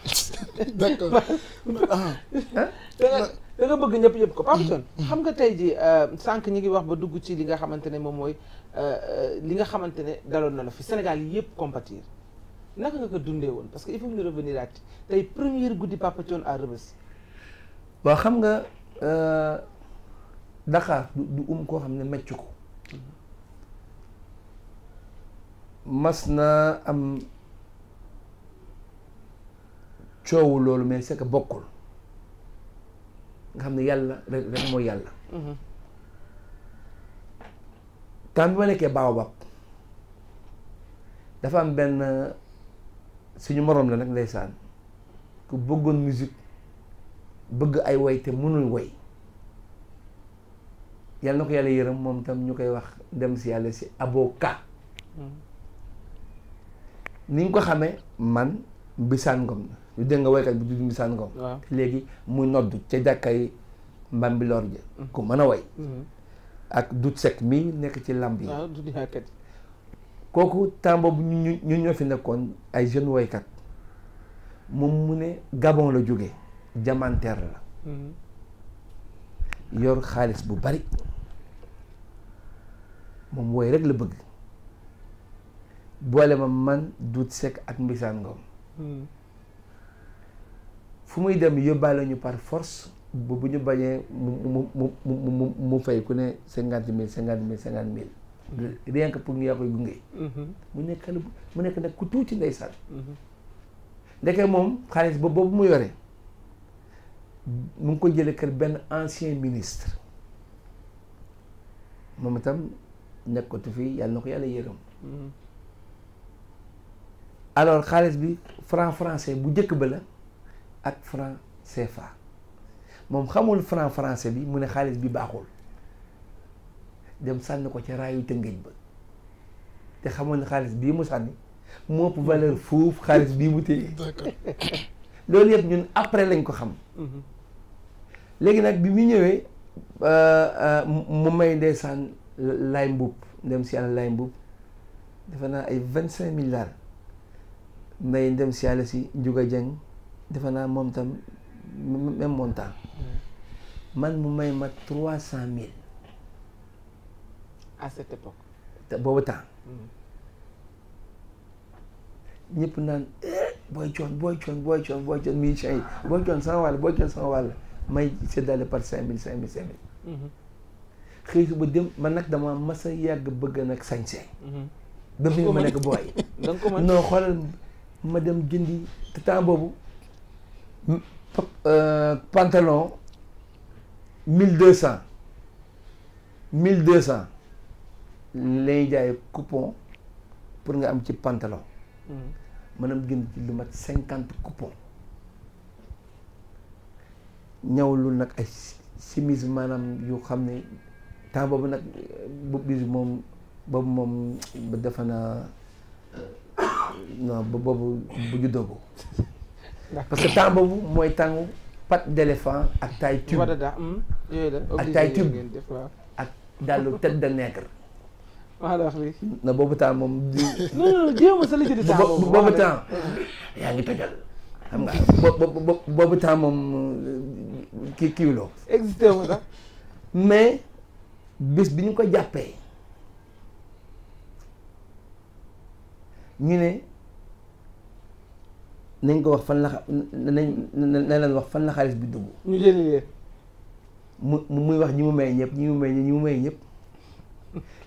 (laughs) (laughs) da nga bëgg ñëpp yëpp ko Pape Thione xam nga tey ji euh, sànq ñi ngi wax ba dugg ci li nga xamante ne moom mooy euh, euh, li nga xamante ne daloon na la fi Sénégal yi yëpp compatir naka nga ko dundee woon parce que il faut ñu revenir at tey première guddi Pape Thione à Rebeuss waaw xam nga Dakar du um koo xam ne mecc ko mas na am coowu loolu mais c'est bokkul nga xam ne yàlla rek mooy yàlla temps bi ma nekkee baobab dafa am benn suñu moroom la nag ndeysaan ku bëggoon musique bëgg ay woy te mënul woy yàlla na ko yàlla yërëm moom tam ñu koy wax dem si yàlla si avocat mhm. ni ñu ko xamee man mbisaan ngom na lu dégg nga waykat bi du dumbi sànn ko léegi muy nodd ca jàkkay Mbambilor ja mm-hmm. ku mën a way mm-hmm. ak dut sec mii nekk ci lamb yi kooku temps bu ñu ñu ñoo fi nekkoon ay jeune woykat moom mu ne Gabon la jóge jamanteer la mm-hmm. yor xaalis bu bari moom woy rek la bëgg boole ma man dut sec ak mbisaan ngoom fu muy dem yóbbaale ñu par force bu ñu bañee mu mu mu mu mu fay ku ne cinquante mille cinquante mille cinquante mille. rien que pour ñu yaa koy gunge. Mm-hmm. mu nekk xale mu nekk nag ku tuuti ndeysaan. Mm-hmm. ndeke moom xaalis ba boobu mu yore mu ngi ko jëlee kër benn ancien ministre moom itam nekkatu fi yàlla na ko yàlla yërëm. Mm-hmm. alors xaalis bi franc français bu njëkk ba la. ak franc CFA moom xamul franc français bi mu ne xaalis bi baaxul dem sànni ko ca raayu tëngëj ba te xamoon ne xaalis bii mu sànni moo ëpp valeur foofu xaalis bii mu téye (laughs) loolu yëpp ñun après lañ ko xam mhm. léegi nag bi mu ñëwee euh, euh, mu may ndeysaan laay mbuub dem si yàlla defe naa ay vingt cinq mille daal may dem si yàlla si Ndiouga Dieng defe naa moom tam même montant mm. man mu may mat trois cent mille à cette époque te boobu temps mm. ñëpp naan eh, booy coon booy coon booy coon booy coon musiciens yi booy coon sama wàll booy coon sama wàll may séddale par cinq mille cinq mille cinq mille mm-hmm. dem man nag dama mas a yàgg bëgg nag sañse mm-hmm. ba mu nekk booy (laughs) non xoolal ma dem jëndi te temps boobu Euh, pantalon mille deux cent mille deux cent lay jaay coupon pour nga am ci pantalon maanaam mm-hmm. gën ci lu mat cinquante coupon ñawlu nag ay chemise maanaam yu xam ne temps boobu nag boobu bis moom boobu moom ba defe naa boobu bu juddoo ko (laughs) parce que temps boobu mooy tàngu patte d'éléphant ak taille tube hmm? ak taille tube ak dalu tête de nègre maa na boobu temps moom. non non temps yaa ngi tojal xam nga bo boobu temps moom euh, kii kiiwuloo. existé mais bis bi ñu ko jàppee ñu ne. nañ ko wax fan la nañ na leen wax fan la xaalis bi dugg. ñu jëli leen. mu muy wax ñi mu may ñëpp ñi mu may ñi mu may ñëpp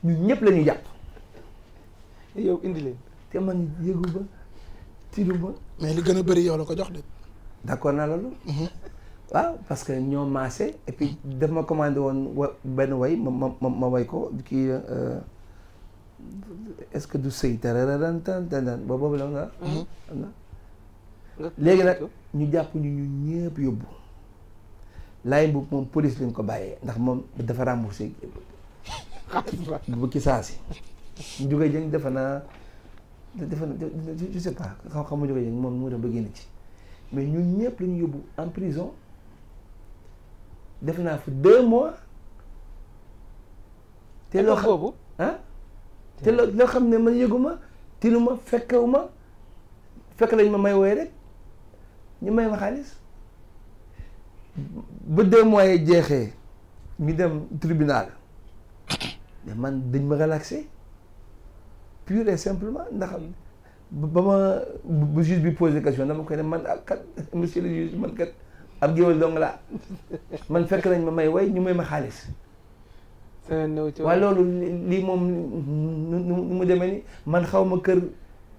ñu ñëpp la ñu jàpp. yow indi leen. te man yëgu ba tidu ba. mais li gën a bëri yow la ko jox de. d' accord naa loolu. Mhm. waaw parce que ñoo maase et puis daf ma commandé woon wa benn way ma ma ma way ko kii euh, est ce que du sëy tararaan tan tan boobu la nga. am na. léegi nag ñu jàpp ñu ñu ñëpp yóbbu laay boobu moom police lañ ko bàyyee ndax moom dafa remboursé (laughs) bu ci saa si Ndiouga Dieng defe naa defe naa je sais pas xam-xamu Ndiouga Dieng moom moo tax ba génn ci mais ñu ñëpp lañu yóbbu en prison defe naa fi deux mois. te loo xam boobu ah. te loo loo xam ne man yëguma tinuma fekkewuma fekk lañ ma may wooye rek. ñu may ma xaalis ba deux mois jeexee ñu dem tribunal man dañ ma relaxé pure et simplement ndax ba ma bu juge bi posé question dama koy dem man ak kat monsieur le juge man kat ab géwél dong man fekk nañ ma may way ñu may ma xaalis. waaw loolu lii moom nu mu demee ni man xaw ma kër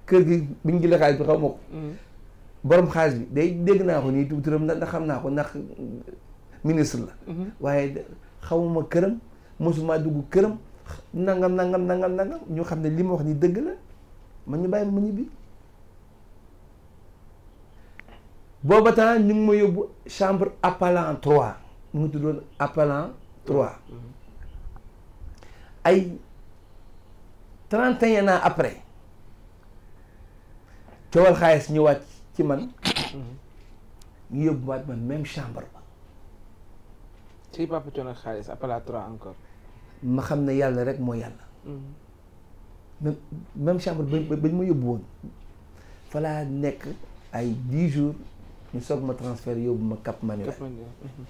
kër gi buñ gi la xaalis bi xaw ma ko. Mm. borom xaalis bi day dégg naa ko nii tuuti turam ndax xam naa ko ndax ministre la. Mhm. waaye xawuma këram mosuma dugg këram nangam nangam nangam nangam ñu xam ne li ma wax ni dëgg la ma ñu bàyyi ma ñibbi. booba temps ñu ngi ma yóbbu chambre appalant 3 mu ngi tuddoon appelant 3 mhm. ay 31 ans après coowal xaalis ñëwaat. ci man ñu yóbbuwaat man même chambre ba ci papa encore ma xam ne yàlla rek moo yàlla mhm. même chambre ba bañ ma yóbbu woon fa laa nekk ay dix jours ñu soog ma transfert yóbbu ma Cap Manuel mhm.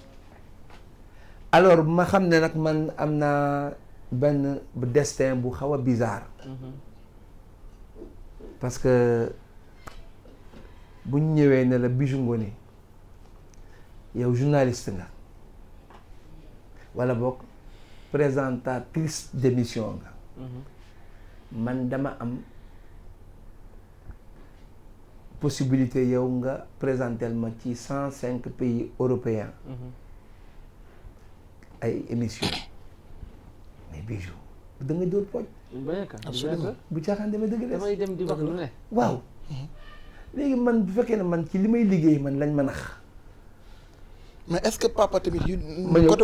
alors ma xam ne nag man am naa benn destin bu xaw a bizarre mhm. bu ñu ñëwee ne la Bijou Ngoné yow journaliste nga wala boog présentatrice d'émission nga mm-hmm. man dama am possibilité yow nga présenter ma ci cent cinq pays européens mm-hmm. ay émission mais Bijou da nga pooj bu caaxaan dama dëgg des waaw mm-hmm. léegi man bu fekkee ne man ci li may liggéey man lañ ma nax. mais est-ce que papa tamit yu. ma ñëw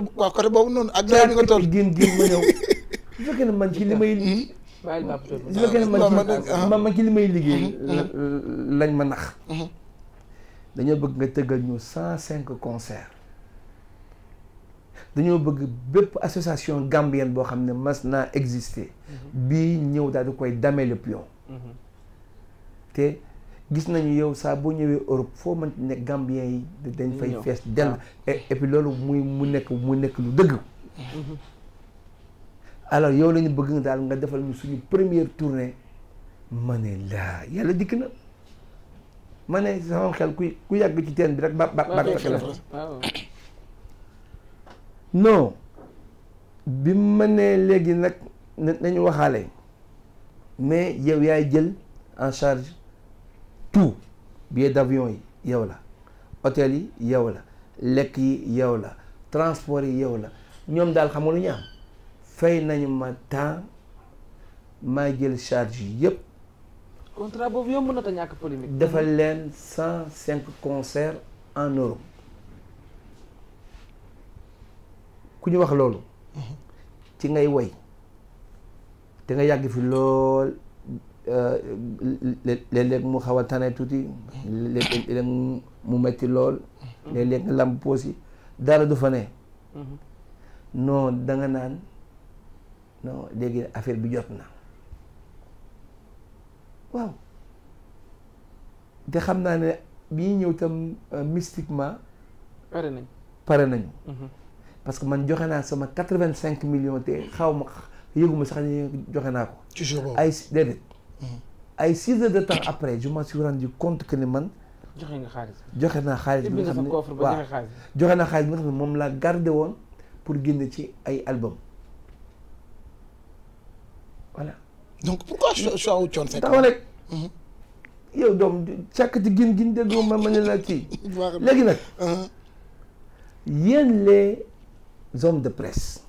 boobu noonu ak. nawet bi nga toll gin gin ma ñëw. (laughs) man ci li may. Hmm? bàyyi la bu fekkee ne man man ci li may hmm? liggéey. Hmm? lañ ma nax. dañoo bëgg nga tëggal ñu cent cinq concerts. dañoo bëgg bépp association gambienne boo xam ne mas naa exister. ñëw daal di koy damer le pion. gis nañu yow saa boo ñëwee Europe foo mën ne Gambien yi dañ fay fees dell ah. et puis loolu mu nekk mu nekk lu dëgg alors yow la bëgg nga daal nga defal mu suñu première tournée ma ne laa yàlla dikk na ma ne sama xel ku ku yàgg ci teen bi rek ba ba ba non bi ma nee léegi nag nañu waxaale mais yow yaay jël en charge tout billet d'avion yi yow la hôtel yi yow la lekk yi yow la transport yi yow la ñoom daal xam nga lu ñu am fay nañu ma temps maa jël charge yëpp. contrat boobu yomb na te defal leen cent cinq concerts en Europe ku ñu wax loolu. Mhm. ci ngay woy te nga yàgg fi lool. Euh, léeg-léeg mu xaw a tane tuuti léeg-léeg mu metti lool léeg-léeg nga làmb poosi dara du fa ne non da naan non léegi affaire bi jot na waaw te xam naa ne bii ñëw tam euh, mystiquement pare nañu mhm. parce que man joxe naa sama quatre-vingt-cinq millions te xaw ma yëguma sax ni joxe naa ko ci jour boobu ay six heures de temps après je me suis rendu compte que ni man. joxe nga xaalis joxe naa xaalis bi nga xam ne waaw joxe naa xaalis bi moom laa gardé woon pour génn ci ay album voilà. donc pourquoi choix wu Thione Seck taxaw rek. Mhm. yow doom càkk gin gin déggoo ma ma la kii. (laughs) léegi nag. Mhm. yéen les hommes de presse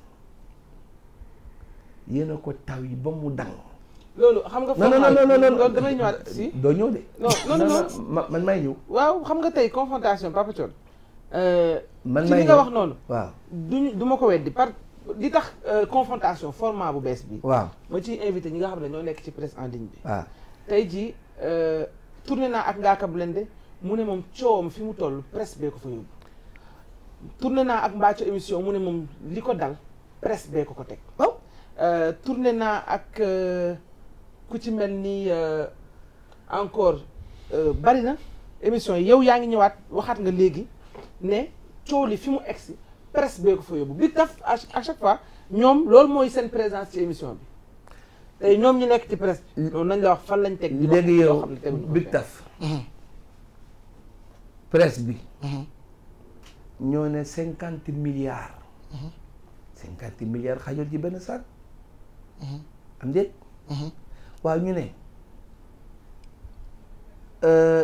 yéen a ko taw yi ba mu dang loolu xam nga. non non non loolu damay ñëwaat si. doo ñëw de. non non non man may ñëw. waaw xam nga tey confrontation Papa Thione. Euh, man ci nga wax noonu. waaw duñu du ma ko par li tax euh, confrontation format bu bees bi. waaw ma ciy invité ñi nga xam ne ñoo nekk ci presse en bi. waaw tey jii euh, tourné naa ak Ngaaka de mu ne moom coowam fi mu toll presse bee ko fa yóbbu. tourné naa ak Mbathio émission mu ne moom li ko dal presse bee ko ko teg. waaw tourné naa ak. ku ci mel ni euh, encore euh, bari na émission yow yaa ngi ñëwaat waxaat nga léegi ne coow li fi mu egsi presse bee ko fa yóbbu bi taf à chaque fois ñoom loolu mooy seen présence ci émission bi tey ñoom ñu nekk ci presse nañ la wax fan lañ teg léegi yow bi taf mhm. presse bi mhm. ñoo ne cinquante milliards mhm. cinquante milliards xajul ci benn sac am déet waaw ñu ne euh,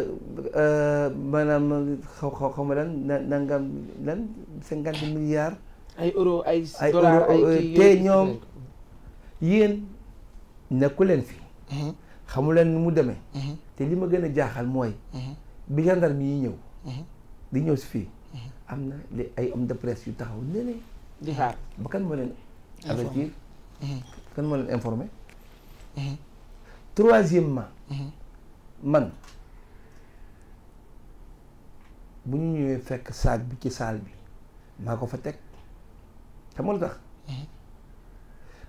euh, maanaam xaw xaw xaw ma nangam lan cinquante milliards. ay euro ay dollar euh, te ñoom yéen nekku leen fi. Mhm. xamu leen nu mu demee. Mhm. te li ma gën a jaaxal mooy. Mhm. bi gendarme yi ñëw. di ñëw si fii. am na ay hommes de presse yu taxaw ne ne. di ba kan moo leen. avertir kan moo leen informé. troisièmement mhm. man bu ñu ñëwee fekk saag bi ci saal bi maa ko fa teg xam nga tax mhm.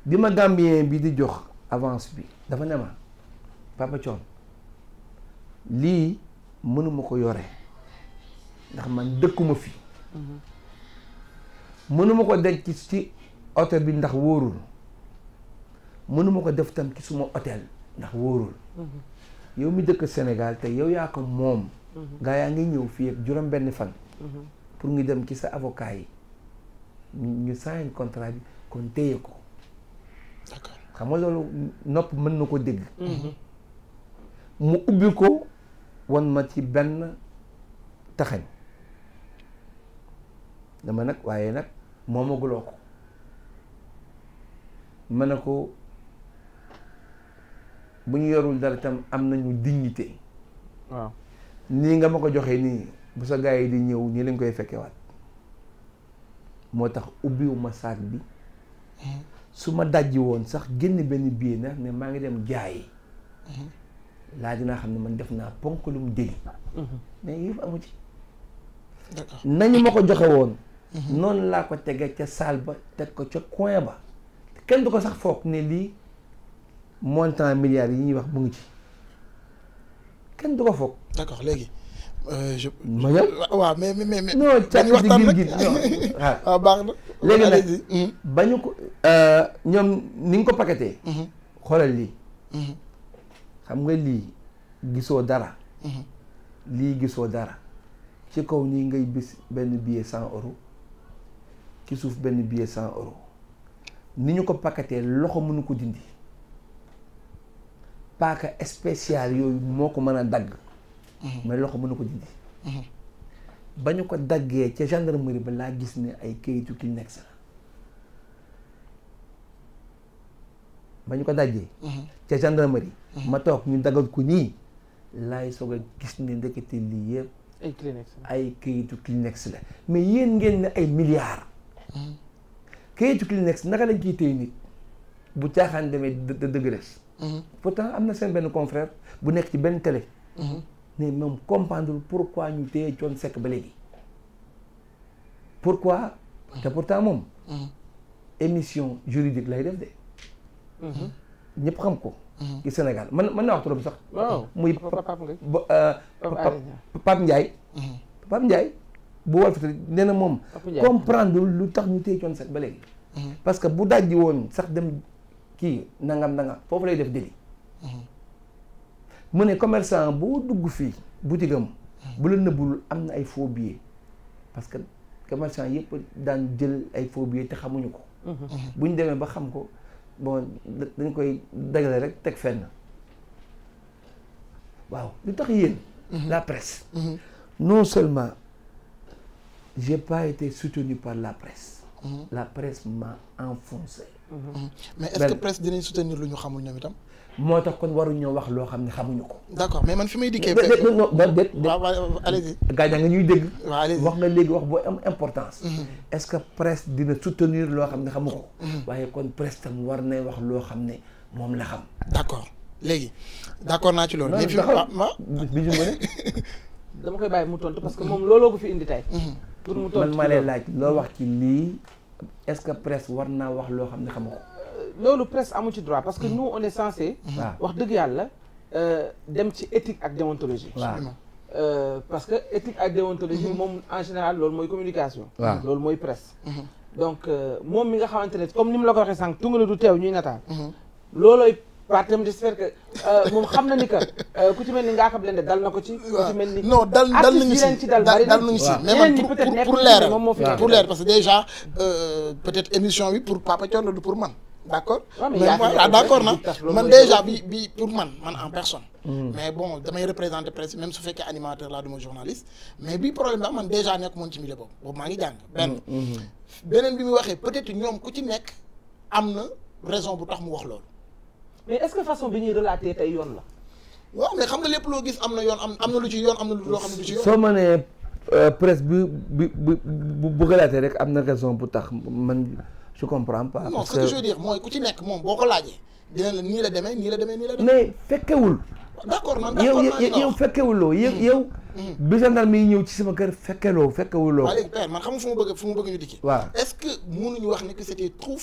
bi ma gambien bi di jox avance bi dafa ne ma papa coon lii mënuma ko yore ndax man dëkkuma fi mhm. mënuma ko denc ci oto bi ndax wóorul mënuma ko def tam ci suma hôtel ndax wóorul yow mi dëkk Sénégal te yow yaa ko moom gaa yaa ngi ñëw fii ak juróom benn fan pour ngi dem ci sa avocat yi ñu sign contrat bi kon téye ko d'accord loolu nopp mën na ko dégg mhm. mu ubbi ko wan ma ci benn taxañ dama nag waaye nag moomaguloo ko ma ne ko bu ñu yorul dara tam am nañu dignité. waaw nii nga ma ko joxe nii bu sa gars yi di ñëw nii lañ koy fekkewaat moo tax ubbiwuma saak bi su ma dajji woon sax génn benn billet na ne maa ngi dem yi laa dinaa xam ne man def naa ponk lu mu déli ci nañu ma ko joxe woon mhm. noonu laa ko tege ca saal ba teg ko ca coin ba kenn du ko sax foog ne lii montant milliards yi ñuy wax mu ngi ci kenn du ko foog. d'accord léegi. Euh, je ma ñëw waaw mais mais mais. non càkk waxtaan rek waaw (laughs) ah. ah, baax na. léegi nag mhm. ba ñu ko euh, ñoom ni nga ko paquetee. Mhm. xoolal lii. Mhm. xam nga lii gisoo dara. lii gisoo dara. ci kaw nii ngay bis benn billet cent euros ci suuf benn billet cent euros ni ñu ko paquetee loxo mënu ko dindi. paaka spécial yooyu moo ko mën a dagg. Mhm. ma loxo mën na ko dindi. Mhm. ba ñu ko daggee ca gendarmerie ba laa gis ne ay kayitu Kleenex la. ba ko daggee. Mhm. ca ma toog ñu daggal ko nii. laay soog a gis ne ndekete lii yëpp. ay Kleenex la ay kayitu Kleenex la mais yéen ngeen ne ay milliards. kayitu Kleenex naka la ciy téye nit. bu caaxaan demee dë dëgg des. Mhm. pourtant am na seen benn confrère bu nekk ci benn télé. Mhm. ne moom comprendre pourquoi ñu téye Thione Seck ba léegi. pourquoi. Mhm. te pourtant moom. émission juridique lay def de. ñëpp xam ko. ci Sénégal man mën na wax trop sax. waaw muy euh, Pape Ndiaye. Pape Ndiaye bu wal fëte nee na moom. comprendre lu tax ñu téye Thione Seck ba léegi. parce que bu dajji woon sax dem. kii nangam nangam foofu lay def délit mhm. mu ne commerçant boo dugg fii boutique am mhm. bu la nëbbul am na ay faux billets parce que commerçant yëpp daan jël ay faux te xamuñu ko mhm. bu demee ba xam ko bon dañ koy dagale rek teg fenn waaw lu tax yéen la presse non seulement j'ai pas été soutenu par la presse la presse m'a enfoncé Mhm. mais est-ce que presse dinañ soutenir lu ñu xamul ñoom itam. moo tax kon waruñoo wax loo xam ne xamuñu ko. d'accord mais man fi may dikkee. non non non déet déet. waaw allez wax nga léegi wax boo am importance. Mhm. est-ce que presse dina soutenir loo ko. Mhm. waaye kon presse war nay wax loo xam ne moom la xam. d'accord léegi d'accord naa ci loolu. mais fi ma bi ñu dama koy bàyyi mu tontu parce que moom looloo ko fi indi tey. pour mu tontu man ma laaj loo wax ci lii. est-ce que presse war naa wax loo xam ne xamu ko. Euh, loolu presse amu ci droit parce que nous on est censé. wax dëgg yàlla euh, dem ci éthique ak déontologie. Euh, parce que éthique ak déontologie moom en général loolu mooy communication. waaw loolu mooy presse. Mhm. donc euh, moom mi nga xamante ne comme ni mu la ko waxee sànq tungale du teew ñuy nataal. Mhm. loolooy waaw itam euh, na ni que euh, ku ci mel xam leen de dal na ko ci. ku ci mel ni non dal dal nañu si mais man pour pour leeral pour leeral parce que déjà euh, peut-être émission bi pour Papa Thione du pour man d'accord. mais bon damay représenter presse même su fekkee animateur laa duma journaliste mais bii problème la man déjà nekk moon ci milieu boobu boobu maa ngi jàng hmm, benn hmm. beneen bi mu waxee peut-être ñoom ku ci nekk am na raison bu tax mu wax loolu. mais est-ce que façon bi ñuy relater tey yoon la. waaw mais xam nga lépp loo gis am na yoon am am na lu ci yoon am na loo xam ne du ci yoon. soo mënee euh, presse bu bu bu bu relater rek am na raison bu tax man je comprends pas. non mooy ku ci nekk moom boo ko laajee. dina la nii la demee nii la demee nii la demee. mais fekkewul. d'accord man d'accord yow yow fekkewuloo yow hmm. yow. Hmm. bi gendarme yi ñëw ci sama kër fekkeloo fekkewuloo. waaw léegi père man xam nga fu mu bëgg fu mu bëgg ñu dikki. waaw est-ce que mënuñu ne que c'était trop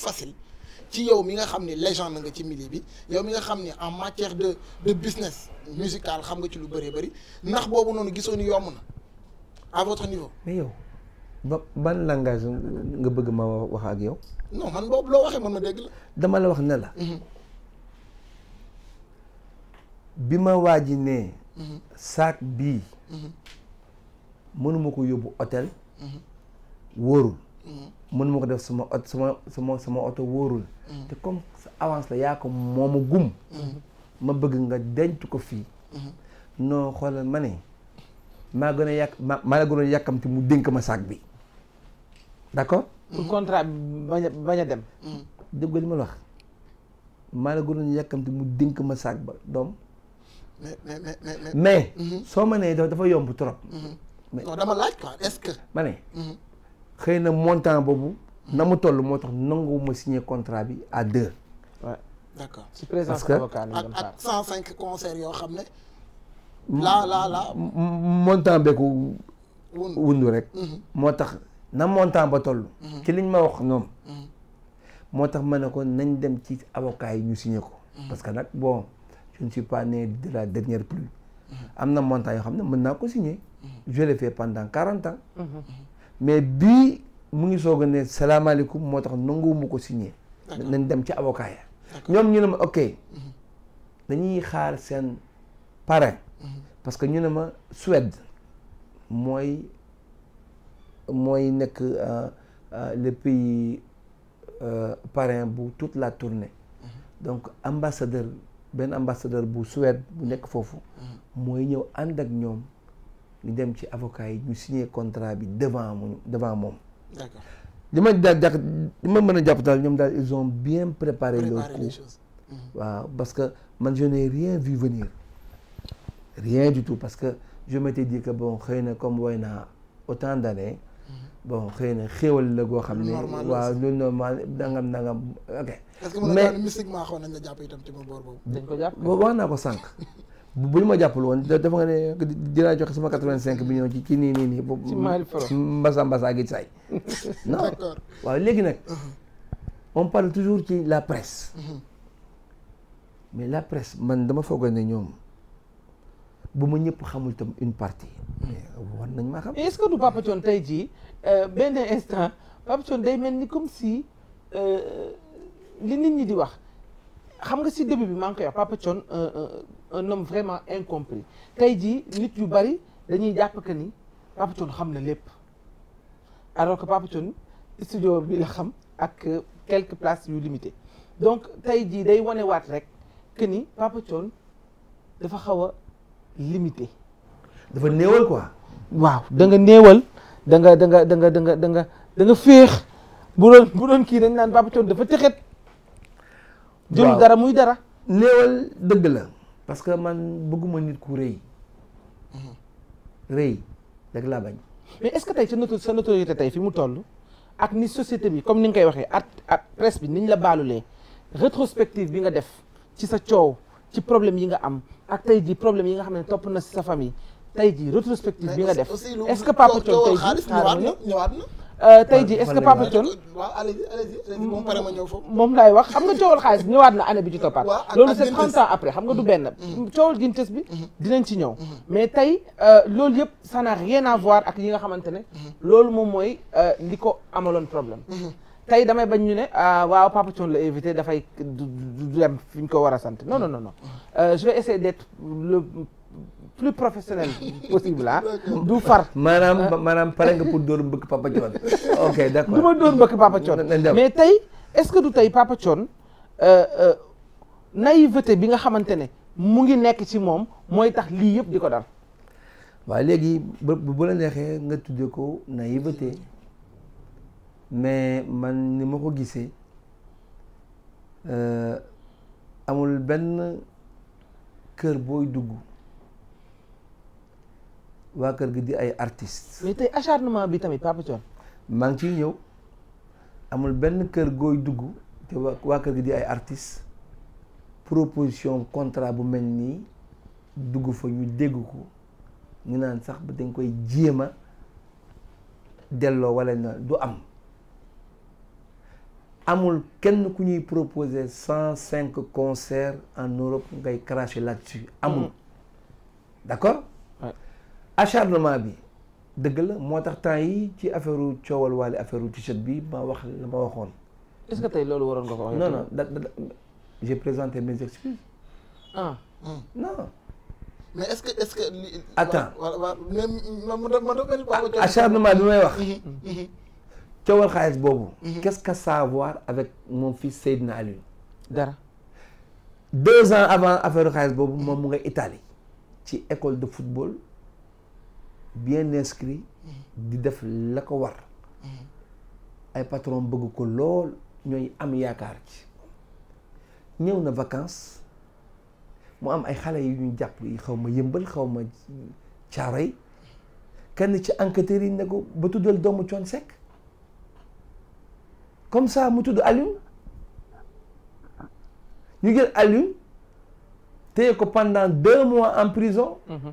ci yow mi nga xam ni légende nga ci milieu bi yow mi nga xam ni en matière de de business musical xam nga ci lu bare bëri ndax boobu noonu gisoo ni yomb na à votre niveau. ba ban langage nga bëgg ma wax ak yow. non man boobu loo waxee man ma dégg la. dama la wax ne mhm. bi ma waaji ne. Mhm. saak bii. Mhm. mënuma ko yóbbu hôtel. wóorul. mën ma ko def sama ot sama sama sama oto wóorul mm. te comme sa avance la yaa ko mooma gum mm. ma bëgg nga denc ko fii mm-hmm. noo xoolal ma ne maa gën a yàq ma maa yàkkamti mu dénk ma saag bi d'accord mm-hmm. pour contrat bañ a dem mm. dégg li ma la wax maa la gënoon yàkkamti mu dénk ma saag ba doom mais mais mais mais mm-hmm. soo ma nee dafa yomb trop non dama laaj quoi est ma ne xëy na montant boobu na mu toll moo tax nanguwuma signer contrat bi à deux. waaw d'accord ci présence avocat parce que ak ak 105 yoo xam ne. la la la. montant beeku. rek. Mhm. moo tax na montant ba toll. Mhm. ci liñ ma wax ñoom. Mhm. moo tax ma ne ko nañ dem ci avocat yi ñu signé ko. parce nag bon je ne suis pas né de la am na montant yoo xam ne mën naa ko signer. je l'ai pendant quarante mais bii mu ngi soog a ne salaamaaleykum moo tax nanguwuma ko signé. nañ dem ci avocat ya ñoom ñu ne ma ok mhm. dañuy xaar seen parrain. Mhm. parce que ñu ne ma Suède mooy mooy nekk euh, euh, le pays euh, parrain bu toute la tournée. Mhm. donc ambassadeur benn ambassadeur bu Suède bu nekk foofu. mooy ñëw ànd ak ñoom. ñu dem ci avocat yi ñu signé contrat bi devant mu devant moom. d'accord li ma daal jàpp li ma mën a jàpp daal ñoom daal ils ont bien préparé. leur coup mhm. waaw parce que man je n'ai rien du tout parce que je m'étais dit que bon na comme woy mhm. na xéewal la goo xam waaw loolu normal nangam nangam ok. wax naa ko sànq. (laughs) bu ñu ma jàppal woon dafa nga ne dinaa joxe sama 85 millions ci ci nii nii nii. ci Mali gi say. (laughs) waaw léegi nag. Uh-huh. on parle toujours ci la presse. Uh-huh. mais la presse man dama foog ne ñoom bu ma ñëpp xamul itam une partie. Hmm. war nañ maa du Papa Thione tey jii euh, benn instant Papa Thione day mel ni comme si euh, li nit ñi di wax xam nga si début bi maa ngi koy Papa Thione. Euh, un homme vraiment incompris tey jii nit yu bari dañuy jàpp que ni Papa Thione xam na lépp alors que Papa Thione studio bi la xam ak quelques place yu limitées donc tey jii day wane wanewaat rek que ni Papa Thione dafa xaw a limité. dafa néewal quoi. waaw da nga néewal da nga da nga da nga da féex bu doon kii dañ naan Papa Thione dafa tëxet. jël dara muy dara. néewal dëgg la. parce que man bëgguma nit ku rëy. rëy rek laa bañ. mais est-ce que tey sa noto sa notoriété tey fi mu toll ak ni société bi comme ni nga koy waxee at at presse bi niñ la baalulee rétrospective bi nga def ci sa coow ci problème yi nga am ak tey jii problème yi nga xam ne topp na si sa famille tey jii rétrospective bi nga def. est-ce Papa Thione tey jii xaaral ñëwaat na. Euh, tey jii est-ce que moom pare ma wax xam nga coowal xaalis bi ñëwaat na année bi ci toppaat loolu c'est 30 ans après xam nga du mm-hmm. benn mm-hmm. coowal gintes bi mm-hmm. dinañ ci ñëw mais tey euh, loolu yëpp ça n'a rien à voir ak yi nga xamante ne loolu moom mooy euh, li ko amaloon problème tey damay bañ ñu ne waaw Pape Thion la éviter dafay du dem fi ñu ko war a sant non non non non je vais essayer plus professionnel possible ah. du far. maanaam maanaam pare nga pour dóor mbëkk Papa Thion. ok d' accord du ma door mbëkk Papa Thion. mais tey est ce que du tey Papa Thion euh, euh, naïveté bi nga xamante ne mu ngi nekk ci moom mooy tax lii yëpp di ko dal. waaw léegi bu bu la neexee nga tuddee ko naïveté mais man ni ma ko gisee euh, amul benn kër booy dugg. waa kër gi di ay artistes. mais tey acharnement tamit Papa maa ngi ciy ñëw amul benn kër gooy dugg te waa kër gi di ay artistes proposition contrat bu mel nii dugg fa ñu dégg ko ñu naan sax ba dañ koy jéem a delloo wala na du am amul kenn ku ñuy proposer cent cinq concerts en Europe ngay cracher là-dessus amul mm. d'accord acharnement bi dëgg la moo tax temps yi ci affaire u coowal waale affaire t-shirt bi ma wax la ma waxoon. est-ce tey loolu waroon ko wax. non non da da j'ai présenté mes excuses. ah. Hmm. non. mais est-ce que est-ce que. attends mais acharnement bi may wax. Hmm. Hmm. coowal xaalis boobu. quest que ça a voir avec mon fils Seydina Aliou. dara. deux ans avant affaire xaalis boobu moom mu nga Italie. ci école de football. bien inscrit di def la ko war ay patron bëgg ko lool ñooy am yaakaar ci ñëw na vacances mu am ay xale yu ñu jàpp yi xaw ma yëmbal xaw ma caaroy kenn ci enquêteurs yi ne ko ba tuddal doomu Thione Seck comme ça mu tudd Alioune ñu jël Alioune téye ko pendant deux mois en prison mm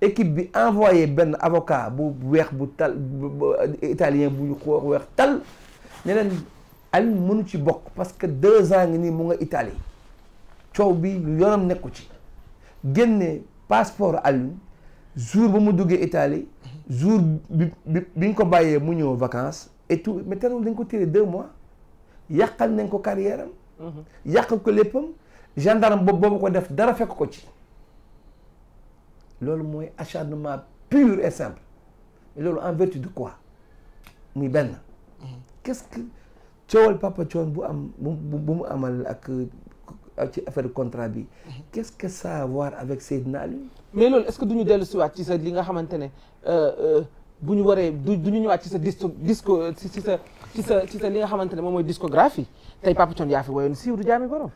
équipe bi envoyé benn avocat bu weex bu tal italien bu xoo weex tal ne leen Aliou mënu ci bokk parce que deux ans ngi nii mu nga Italie coow bi yoonam nekku ci génne passeport Aliou jour ba mu duggee Italie jour bi bi ñu ko bàyyee mu ñëw vacances et tout mais dañ ko tiré deux mois yàqal nañ ko carrière am mm-hmm. yàqal ko léppam gendarme boobu boobu ko def dara fekk ko ci loolu mooy acharnement pur et simple loolu en vertu de quoi muy benn qu'est-ce que coowal papa bu am bu mu amal ak ci affaire contrat bi qu'est-ce que voir avec Seydina Aliou mais loolu est-ce que du ñu dellu siwaat ci sa li nga xamante ne euh, euh, bu ñu waree du du ñu ñëwaat ci sa disco disco ci sa ci sa ci sa li nga xamante ne moom mooy discographie tey Papa Thione yaa fi woyoon du jaami borom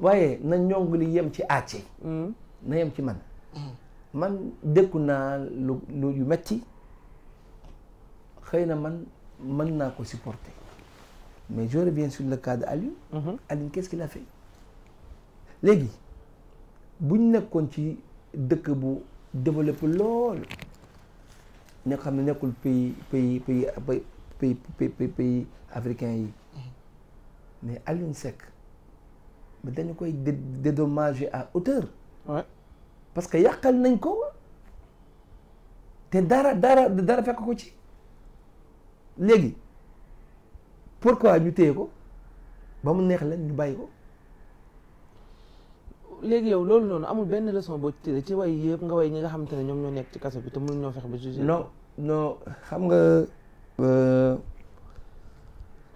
waaye na ñongu li yem ci àcce hmm. na yem ci man hmm. man dëkku naa lu lu yu metti xëy na man mën naa ko supporter mais je reviens sur le cas de Aliou. Mhm. Aliou qu'est-ce qu'il fait léegi buñ nekkoon ci dëkk bu développé lool ñoo xam ne nekkul pays pays pays pays pays pays africain yi mhm. mais Aliou Seck dañu koy dédommager à hauteur. parce que yàqal nañ ko te dara dara dara fekk ko ci léegi pourquoi ñu téye ko ba mu neex leen ñu bàyyi ko. léegi yow loolu noonu amul benn lesson boo tiré ci way yëpp nga way ñi nga xamante ne ñoom ñoo nekk ci kaso bi te mënu ñoo fex ba jugé. non non xam nga. Euh,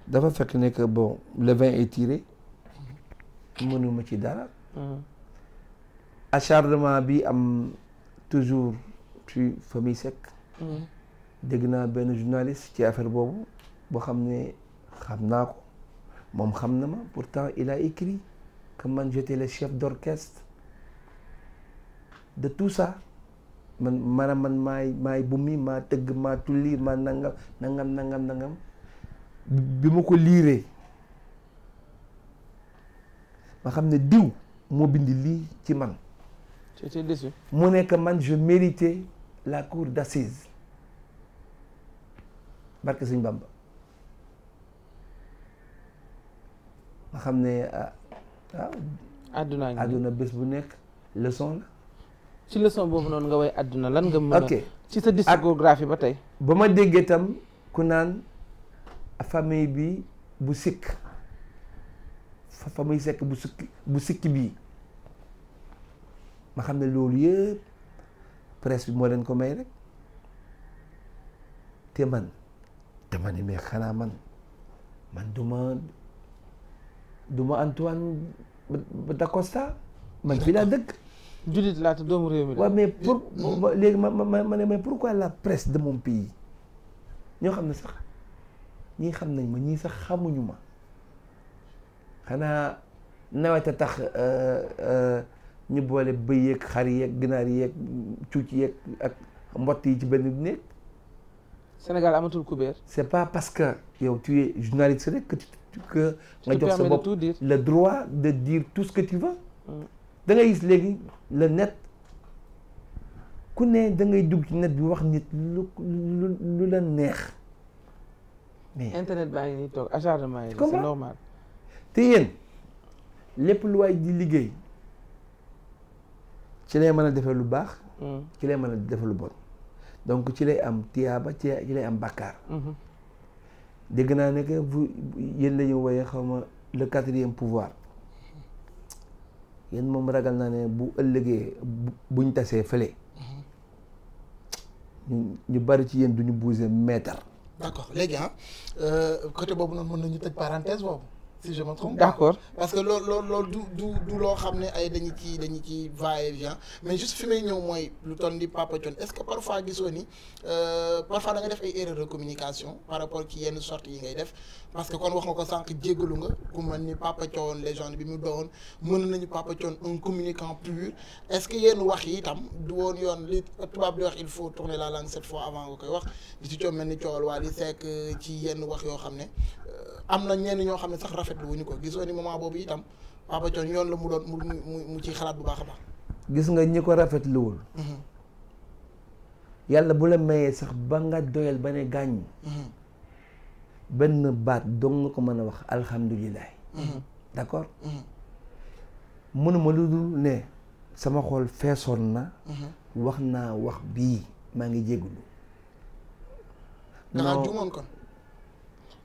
dafa fekk ne que bon le vin est tiré mhm. mënuma ci dara. Mhm. acharnement bi am toujours ci famille Seck. Mm. dégg naa benn journaliste ci affaire boobu boo xam ne xam naa ko moom xam na ma pourtant il a écrit que man j'étais le chef d'orchestre de tout ça man man man maay maay bumi maa tëgg maa tulli maa nangam nangam nangam bi ma ko liiree ma xam ne diw moo bind lii ci man j'étais mu nekk man je méritais la cour d'assises barke siñ Bamba nga xam ne waaw ah, ah, àdduna àdduna bés bu nekk leçon la ci leçon boobu noonu nga way àdduna lan nga mën ok ci sa discographie ba tey ba ma déggee tam ku naan famille bi bu sikk famille sekk bu sikki bu bii ma xam ne loolu yëpp presse bi moo leen ko may rek te man dama ne mais xanaa man man du ma du ma Antoine Da Costa man fii laa dëkk. julit laa te mais pour léegi ma ma ma ne mais pourquoi la presse de mon pays ñoo xam ne sax ñii xam nañ ma ñii sax xamuñu ma xanaa nawet a tax. Euh, euh, ñu boole bëy yeeg xar yeeg ginaar yeeg cuuc yeeg ak mbott yi ci benn néeg Sénégal amatul couvert. c'est pas parce que yow tu es journaliste rek que que nga jox sa bopp le droit de dire tout ce que tu veux. Mm. da gis léegi le net ku ne da ngay dugg ci net bi wax nit lu lu la neex. mais internet baa ngi nii toog acharnement yi. c'est normal. te yéen lépp lu waay di liggéey. ci lay mën a defee lu baax mm. ci lay mën a defee lu bon donc ci lay am tiyaaba ci lay am bàkkaar mm-hmm. dégg naa ne que bu yéen la xaw ma le quatrième pouvoir yéen moom ragal naa ne bu ëllëgee buñ tasee fële ñu bari ci yéen duñu bouger mètre d'accord léegi ah euh, côté boobu noonu mën nañu tëj parenthèse boobu si je parce que lool loolu loolu du du du loo xam ne ay dañu ci dañu ci va-et-vient mais juste fi may ñëw mooy lu toll ni Papa Thione est ce que parfois gisoo ni euh, parfois da def ay erreur de communication par rapport ci yenn sorties yi ngay def parce que kon wax nga ko sànq jéggalu nga ku mel ni Papa Thione légende bi mu doon mën nañu Papa Thione un communicant pur est ce que yenn wax yi itam du woon yoon li tubaab di wax il faut tourner la langue cette fois avant nga koy wax di ci coow ni coowal waa li sekk euh, ci yenn wax yoo xam ne am na ñenn ñoo xam ne sax rafetlu wuñu ko gisoo ni moment boobu itam Papa Thione yoon la mu doon mu mu ci xalaat bu baax a baax. gis nga ñi ko rafetluwul. Mm-hmm. yàlla bu la mayee sax ba nga doyal ba ne gàññ mm-hmm. benn baat dong nga ko mën a wax alhamdulilah. Mm-hmm. d'accord. mënuma lu dul ne sama xol feesoon na. wax naa wax bii maa ngi jégalu. da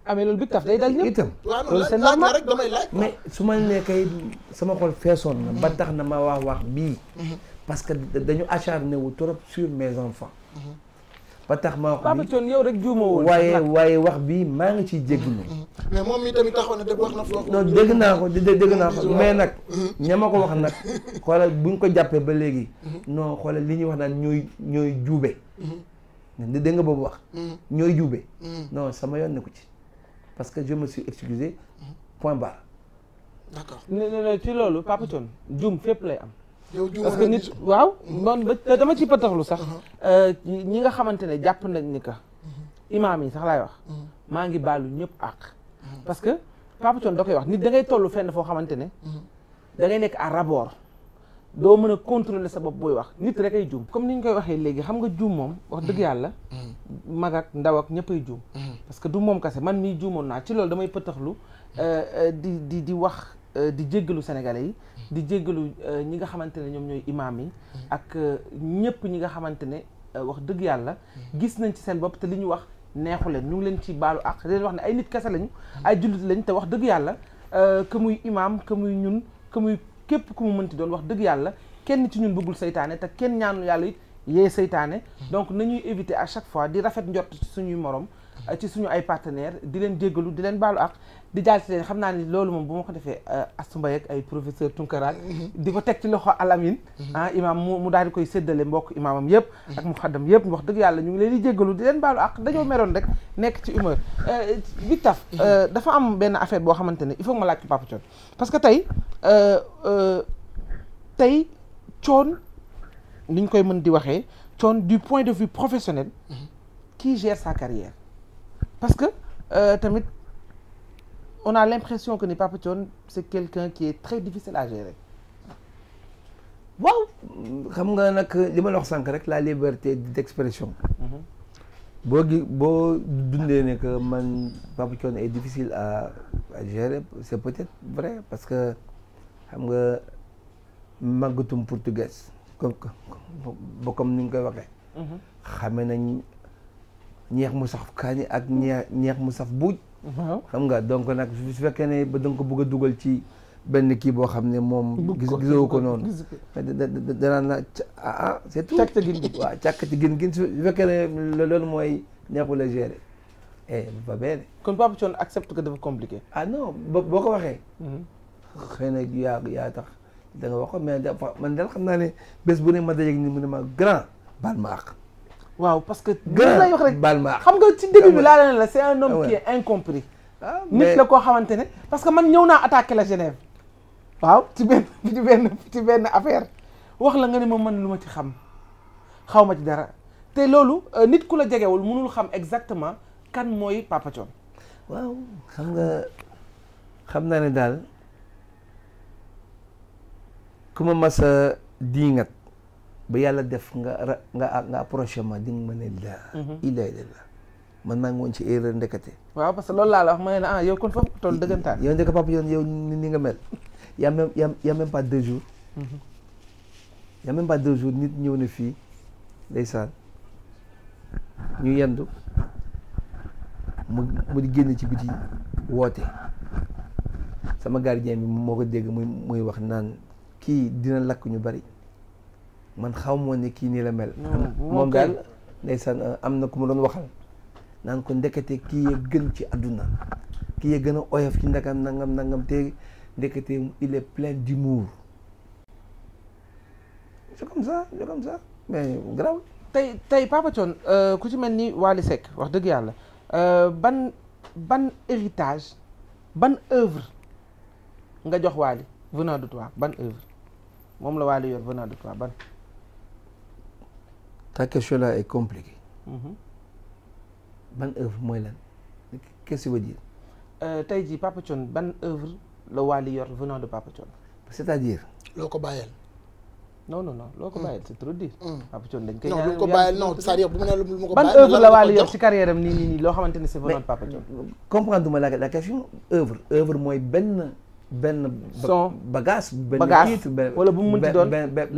amee loolu big taf day dal itam loolu c'est normal rek damay laaj mais su ma nekkee sama xol feesoon na ba tax na ma wax wax bii mhm. parce que dañu acharné wu trop sur mes enfants mhm. ba tax ma wax yow rek juuma woon waaye waaye wax bii maa ngi ciy jégalu. Mhm. mais moom mi tamit taxaw na dégg wax na foofu. non dégg naa ko dégg naa mais nag. ña ko wax nag. xoolal buñ ko jàppee ba léegi. non xoolal li ñuy wax naan ñooy ñooy juube. dégg nga boobu wax. ñooy juube. non sama yoon ko ci. parce que je me suis excusé point barre. d'accord ci loolu Papa Thione juum fépp lay am. parce que nit waaw man ba dama ci pataxlu sax. Uh-huh. Euh, ñi nga xamante ne jàpp nañ ni que. Uh-huh. imaam yi sax laay wax. Uh-huh. maa ngi baalu ñëpp àq. parce que Papa Thione da koy wax nit da ngay toll fenn foo xamante ne. da ngay nekk à rabord. doo mën a contrôler sa bopp booy wax nit rek ay juum comme ni ñu koy waxee léegi xam nga juum moom wax dëgg yàlla mm-hmm. mag ndaw ak ñëpp ay juum mm-hmm. parce que du moom kase man mii juumoon naa ci loolu damay pëtaxlu euh, euh, di di di wax euh, di jéggalu sénégalais yi mm-hmm. di jéggalu ñi nga xamante ne ñoom ñooy imaam yi ak ñëpp ñi nga xamante ne wax dëgg yàlla gis nañ ci seen bopp te li ñu wax neexu leen ñu ngi leen ci baalu ak leen wax ne ay nit kese lañu ay jullit lañ te wax dëgg yàlla que muy imaam que muy ñun que képp ku mu mënti doon wax dëgg yàlla kenn ci ñun bëggul seytaane te kenn ñaanu yàlla it yee seytaane donc nañuy éviter à chaque fois di rafet njort suñuy morom ci suñu ay partenaires di leen jéggalu di leen baalu ak di jaal si leen xam naa ni loolu moom bu ma ko defee euh, Astou Mbaye ak ay professeur Tunkara mm-hmm. Mm-hmm. di ko teg ci loxo Alamine mm-hmm. ah imaam mu mu daal di koy séddale mbokk imaamam yëpp ak muxaddam yëpp wax dëgg yàlla ñu ngi leen di jéggalu di leen baalu ak dañoo meloon rek nekk ci humeur euh, bi taf euh, dafa am benn affaire boo xamante ne il faut ma laaj ko Papa Thione parce que tey tey Thione ni ñu koy mën di waxee Thione du point de vue professionnel qui gère sa carrière parce que tamit on a l'impression que ni Papa Thione c'est quelqu'un qui est très difficile à gérer waaw xam nga nag li ma la wax sànq rek la liberté d'expression mhm. boo gi boo dundee ne que man Papa Thione est difficile à à gérer c'est peut-être vrai parce que xam nga màggatum portugaise comme ba comme ni nga koy waxee mhm. xame nañ mu saf ak ñeex ñeex mu saf buuj waaw xam nga donc nag su fekkee ne ba da nga ko bëgg a dugal ci benn kii boo xam ne moom. gis gisoo ko noonu. danaan la ah ah c' est tout. càkk gin gin waaw càkk gin gin su fekkee ne loolu mooy neexul a gérer. eh ba benn. kon Pape Thione accepte que dafa compliqué. ah non boo ko waxee. Mhm. xëy na ya yaa tax da nga wax ko mais dafa man daal xam naa ne bés bu ne ma dajeeg ni mu ma grand baal ma àq. waaw parce que. gën lay wax rek xam nga ci début bi ah laa leen la c'est un homme ah qui est incompris ah, nit la koo xamante ne parce que man ñëw naa attaqué la Genève. waaw ci benn (laughs) ci affaire wax la nga ne ma mën lu ma ci xam xaw ma ci dara te loolu euh, nit ku la jegewul mënul xam exactement kan mooy Papa Thione. waaw xam naa ne daal ku ma mas a ba yàlla def nga nga nga approché ma di nga ma ne la mhm. ilaha illallah man maa ngi woon ci erreur ndekete waaw parce que loolu laa la wax ma ne la ah yow kon foofu toll dëggantaan yow ndeke papa yoon yow ni nga mel yaa même yaa yaa même pas deux jours mhm. yaa nit ñëw na fii ndeysaan ñu yendu mu mu di génn ci biti woote sama gardien bi moo ko dégg muy muy wax naan kii dina lakk ñu bari man xaw ma ne kii nii la mel. Hmm, moom daal am na ku ma doon waxal. naan ko ndekete kii ya gën ci àdduna kii ya gën a oyof ci ndakam nangam nangam te ndekete il est plein d'humour. c'est comme ça c'est comme ça mais grave. tey tey Papa Thione euh, ku ci mel ni Wally Seck wax dëgg yàlla euh, ban ban héritage ban œuvre nga jox Wally venant de toi ban œuvre moom la Wally yor ban. ta que cela est compliqué. Mhm. ban œuvre mooy lan quest euh, tey jii Papa Thione ban œuvre la Wally yor loo ko bàyyeel. non non non loo ko mm. bàyyeel c'est trop mm. ban œuvre la Wally ci carrière am nii loo xamante ni c'est venant de Papa Thione. comprendre ma la question œuvre œuvre mooy benn. benn son bagage bagage wala bu mu mënti doon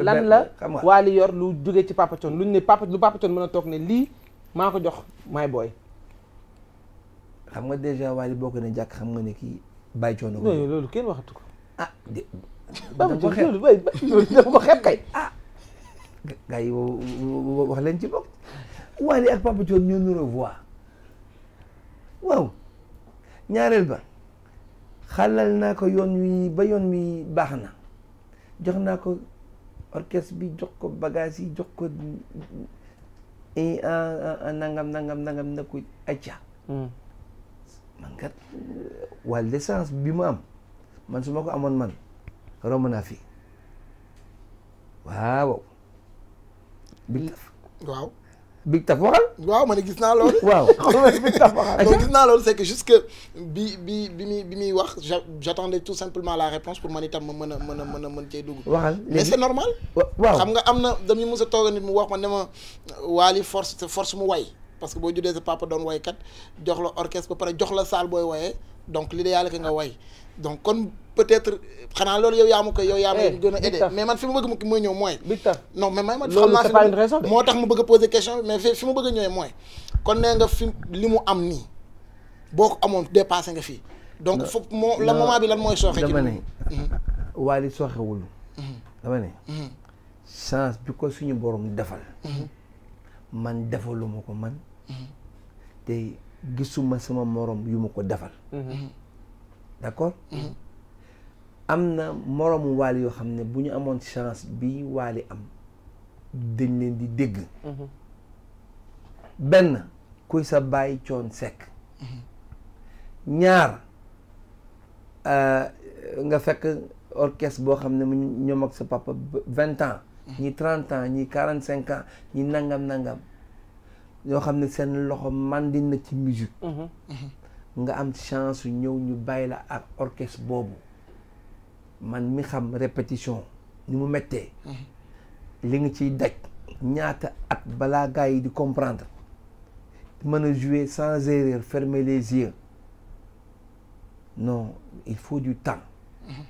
lan la waali yor lu jóge ci Papa Thione luñ ne papa lu Papa Thione mën a toog ne lii maa ko jox maay booy xam nga déjà waali boo ko ne jàkk xam nga ne kii bàyyi coono ko loolu kenn waxatu ko ah dama ko xeeb ko xeeb kay (laughs) ah wax leen ci bopp waali ak Papa Thione ñoo nuroo voix waaw ñaareel ba xalal naa ko yoon wi ba yoon wi baax na jox naa ko orchestre bi jox ko bagage yi jox ko nangam nangam na ko acca hmm. man kat waa l'essence bi mu am man su ko amoon man romb naa waaw bi taf waaw big taf waxal. waaw man gis naa loolu. waaw (laughs) big taf gis naa loolu c' est que jusque bi bi bi muy bi muy wax j' j'attendais tout simplement la réponse pour man itam ma mën a mën a mën a mën cee dugg. waxal mais c' est normal. waaw xam nga am na dañu mos a toog nit mu wax ma ne ma waali force force mu way parce que boo juddee sa papa doon waykat jox la orchestre ba pare jox la saal booy wayee donc l' idéal que nga way. donc kon peut-être xanaa loolu yow yaa ma koy yow yaa ma eh, gën a aidé mais man fi mooy ñëw mooy man xam moo tax mu bëgg a poser mooy kon nee nga fi li mu am nii boo ko amoon dépassé nga fii donc foofu moo la moment bi lan mooy sooxe dama ne mhm. Wally sooxewul mhm. dama ne mhm. chance bi ko suñu borom defal man defaluma ko man te gisuma sama morom yu ma ko defal d'accord mhm. am na moroomu waali yoo xam ne bu ñu amoon chance bi waali am dañ leen di dégg mhm. benn kuy sa bàyyi coon sekk mhm. ñaar euh, nga fekk orchestre boo xam ne mu ñoom ak sa papa vingt ans ñi trente ans ñi quarante cinq ans ñi nangam nangam yoo xam ne seen loxo màndi ci musique nga am chance ñëw ñu bàyyi la ak orchestre boobu man mi xam répétition ni mu méttee mm-hmm. li nga ciy daj ñaata ak balaa gars yi di comprendre mën a jouer sans erreur fermer les yeux non il faut du temps mm-hmm.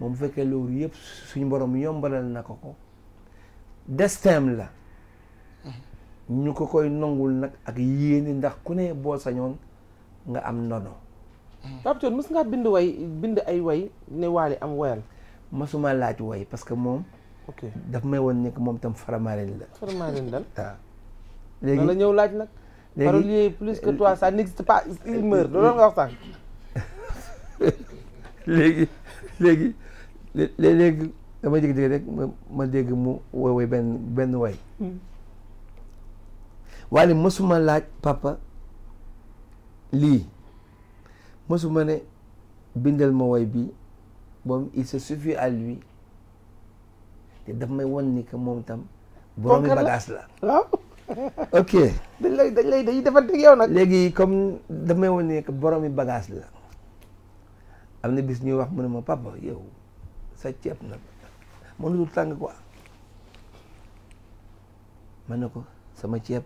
moom bu fekkee loolu yëpp suñu borom yombalal na ko ko destin la mm-hmm. ñu ko koy nongul nag ak yéene ndax ku ne boo sañoon nga am ndono. Pape Thione mës ngaa bind way bind ay way ne Wally am woyal. mësuma laaj way parce que moom. ok daf may won nekk moom tam faramarin la. faramarin la (laughs) waaw. léegi la ñëw laaj nag. léegi parolier plus que toi ça n'existe pas (laughs) léegi léegi léegi dama rek ma ma dégg mu woy benn benn way. Hmm. Wally mësuma laaj papa. lii mësuma ne bindal ma woy bi moom il se suffit à lui te daf may wan ni que moom tam boroomi bagage la waaw (laughs) ok dañ lay dañuy defanteeg yow nag léegi comme daf may wan ni que boroomi bagage la am na bis ñuy wax mu ne ma papa yow sa ceeb nag mënul tàng quoi ma ne ko sama ceeb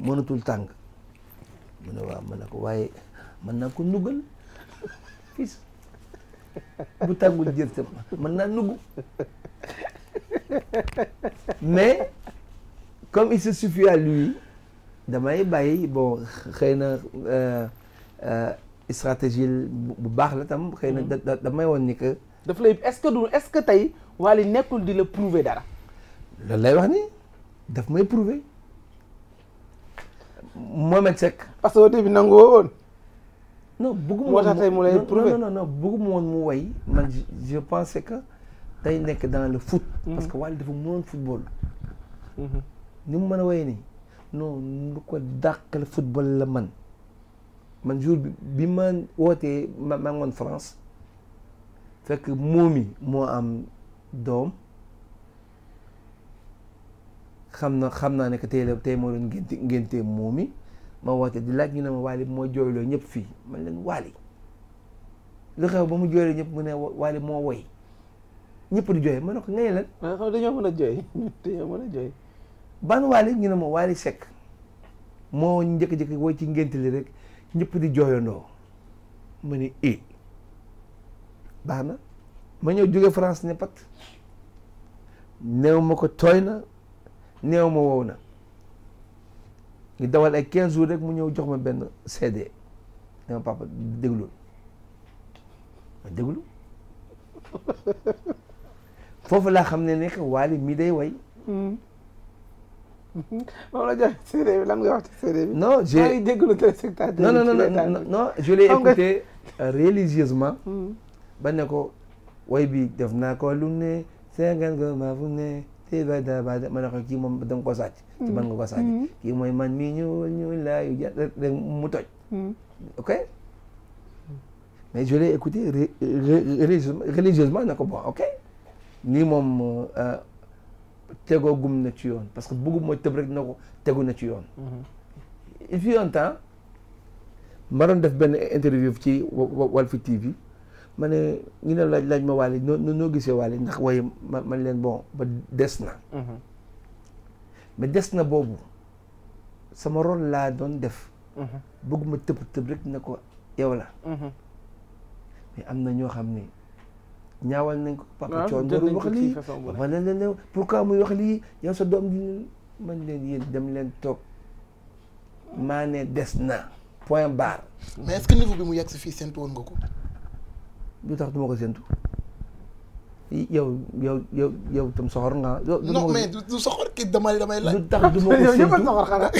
mënatul tàng mu ne waaw ma ne ko waaye mën naa ko nuggal (laughs) fils bu tàngul jër tam mën naa nugg mais comme il se suffit à lui damay bàyyi bon xëy na euh, euh, stratégie bu baax la tam xëy na mm-hmm. da damay woon ni que daf lay est-ce que du est-ce que tey Wally nekkul di la prouver dara loolu lay wax ni daf may prouver Mohamed Seck. parce que woote bi nangoo woon. non bëgguma woon moo tax woon mu way man je pensais que day nekk dans le foot. Mhm. parce que Wally dafa mënoon football. Mhm. ni mu a way nii non lu ko dàqal football la man man jour bi bi ma wootee ma ma ngoon France fekk moom yi moo am doom. xam na xam naa ne que tey tey moo doon ngénte ngénte moom mi ma woote di laaj ñu ne ma Wally moo jooyloo ñëpp fii man leen Wally lu xew ba mu jooyloo ñëpp mu ne Wally moo woy ñëpp di jooy ma ne a jooy (laughs) dañoo a jooy. ban Wally ñu ne ma Wally Seck moo ci ngénte li rek ñëpp di jooyandoo ma eh, baax na ma ñëw jóge France ne pat néew ma ko tooy na néew ma wow na ñu dawal ay quinze jours rek mu ñëw jox ma benn CD ne ma papa déglul ma déglu (laughs) foofu laa xam ne nekk waali mii way hmm. moom la jox CD bi lan nga wax ci CD bi non j'ai non non non non je l'ai écouté euh, religieusement hmm. ba ko way bi def naa ko lu ne sengan ko ma fu ne eh ba da ba kii moom da ko sàcc hmm. hmm. man nga ko kii mooy man mii ñuul ñuul laa yu ja mu toj ok mais je l'ai écouté na ko bon ok lii moom eh, tegoo gum na hmm. ah, ci yoon parce que bëggu mooy tëb na ko tegu na ci yoon il fut un temps doon def benn interview ci Walf TV ma ne ñu ne laaj laaj ma Wally noo noo gisee Wally ndax waaye ma ma leen boo ba des na mhm. ma des na boobu sama rôle laa doon def mhm. bëgguma ma tëb tëb rek ne ko yow la mhm. mais am na ñoo xam ni ñaawal nañ ko papa coon warul wax leen ne pourquoi muy wax lii yow sa doom di man leen yéen dem leen toog maa ne des na point barre mais est-ce que bi mu yegg si fii seentu woon nga ko lu tax du ma ko séntu yow yow yow yow tam soxor nga. non mais du soxor kii damay damay laaj. lu tax du (laughs) a (laughs)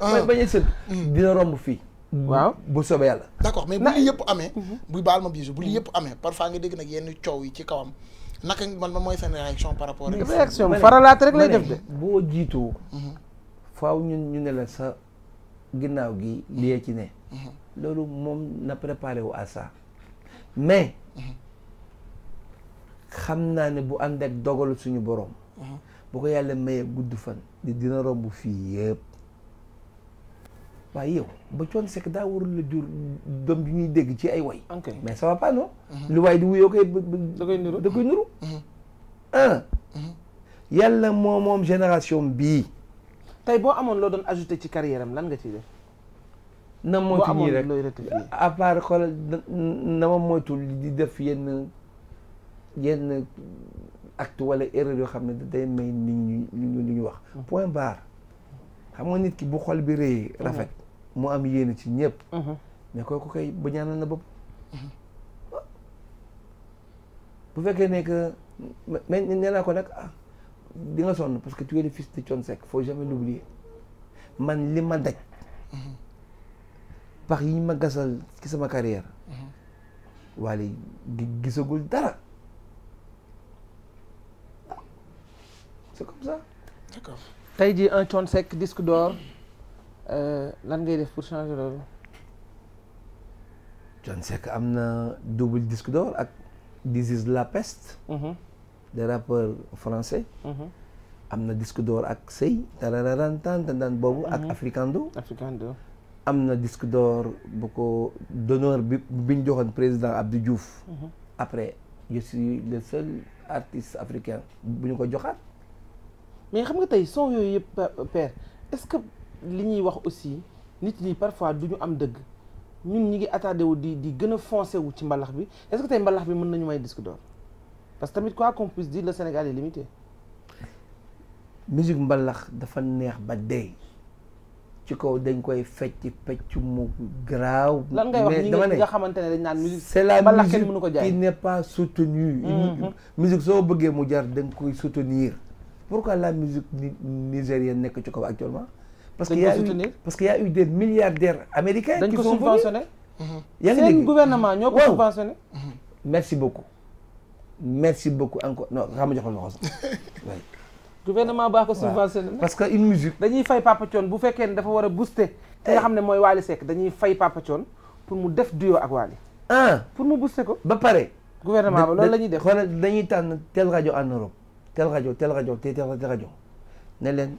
ah. hmm. dina romb fii. bu soobee yàlla. d'accord mais bu lii yëpp amee. Mhm. bu baal ma bisu bu lii mhm. yëpp amee parfois nga dégg nag yenn coow yi ci kawam naka man man mooy seen réaction par rapport. réaction faralaat rek lay def de. boo jiitoo. Mhm. faaw ñu ñu ne la sa ginnaaw gi liyee ci ne. loolu moom na préparé wu mais mhm. xam naa ne bu ànd ak dogalu suñu borom. Mhm. bu ko yàlla mayee gudd fan di dina romb fii yëpp waaye yow ba coon sekk daa warul la jur doom bi ñuy dégg ci ay way mais ça va pas mhm. lu waay di wuyoo koy da koy nuru da koy nuru un yàlla moo moom génération bii tey boo amoon loo doon ajouté ci carrière lan nga ciy na moytu ñii rek à part xoolal na di def yenn yenn acte wala erreur yoo xam ne day may ni ñi ñu ñu ñu wax. Mm-hmm. point barre xam nga nit ki bu xol bi rëyee. Mm-hmm. rafet mu am yéene ci ñëpp. Mm-hmm. mais kooku kay ba ñaanal na bopp. bu fekkee ne que me nee naa ko nag ah di nga parce que tu es le fils de Thione Seck faut jamais l'oublier man li ma daj. pax yi ñu ma gasal ci sama carrière mhm. Wally gisagul dara c'est comme ça d'accord tey jii un Thione d'or euh, lan ngay def pour changer loolu Thione am na double disque d'or ak This la peste mhm. des rappeurs français mhm. am na disque d'or ak sëy tarararantan tan daan boobu ak Africando Africando am na disque d'or bu ko d'honneur bi bi ñu joxoon président Abdou Diouf. Mhm. après je suis le seul artiste africain bu ñu ko joxaat. mais xam nga tey son yooyu yëpp père est-ce que li ñuy wax aussi nit ñi parfois du ñu am dëgg ñun ñi ngi attardé wu di di gën a foncé wu ci mbalax bi est-ce tey mbalax bi mën nañu may disque d'or parce que tamit quoi qu'on di dire le Sénégal est musique mbalax dafa neex ba dee. ci kaw dañ koy fecc fecc mu graaw. lan ngay wax ñi nga xamante ne dañ naan musique. la musique qui n'est pas soutenue. Mm-hmm. musique soo bëggee mu jar da nga koy soutenir. pourquoi la musique nigérienne nekk ci kaw actuellement. parce que y eu parce que y a eu des milliardaires américains. qui sont venus dañ ko subventionné. Mm-hmm. yaa ngi dégg seen gouvernement ñoo ko subventionné. Mm-hmm. merci beaucoup. merci beaucoup encore non xam nga joxoon na ko sax. (laughs) gouvernement baa ko subventionné parce que une fay Papa Thione bu fekkee ne dafa war a booster ki nga xam ne mooy Wally Seck dañuy fay Papa Thione pour mu def duo ak Wally ah pour mu booster ko ba pare gouvernement ba loolu la ñuy def xoolal dañuy tànn tel rajo en Europe tel rajo tel te tel rajo ne leen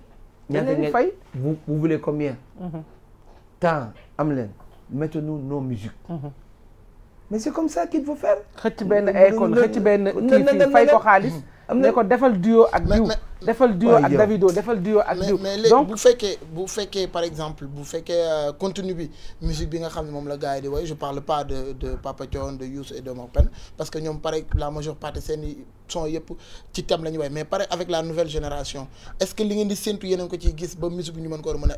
ñaata ngeen fay vous vous voulez combien mhm. temps am leen mettez-nous nos musiques mhm. mais c'est comme ça qu'il faut faire xëcc benn ay kon xëcc benn kii fii fay ko xaalis mhm. am na ne ko defal duo ak diw defal duo ak Davido defal duo ak diw mais léegi bu fekkee bu fekkee par exemple bu fekkee euh, contenu bi musique bi nga xam ne moom la gars yi di woy je parle pas de de Papa Thione de Youssou et de Morpen parce que ñoom pare la major partie seeni son yëpp ci thème la ñu woy mais pare avec la nouvelle génération est-ce que li ngeen di séntu yeneen ko ciy gis ba musique bi ñu mën ko war a mën a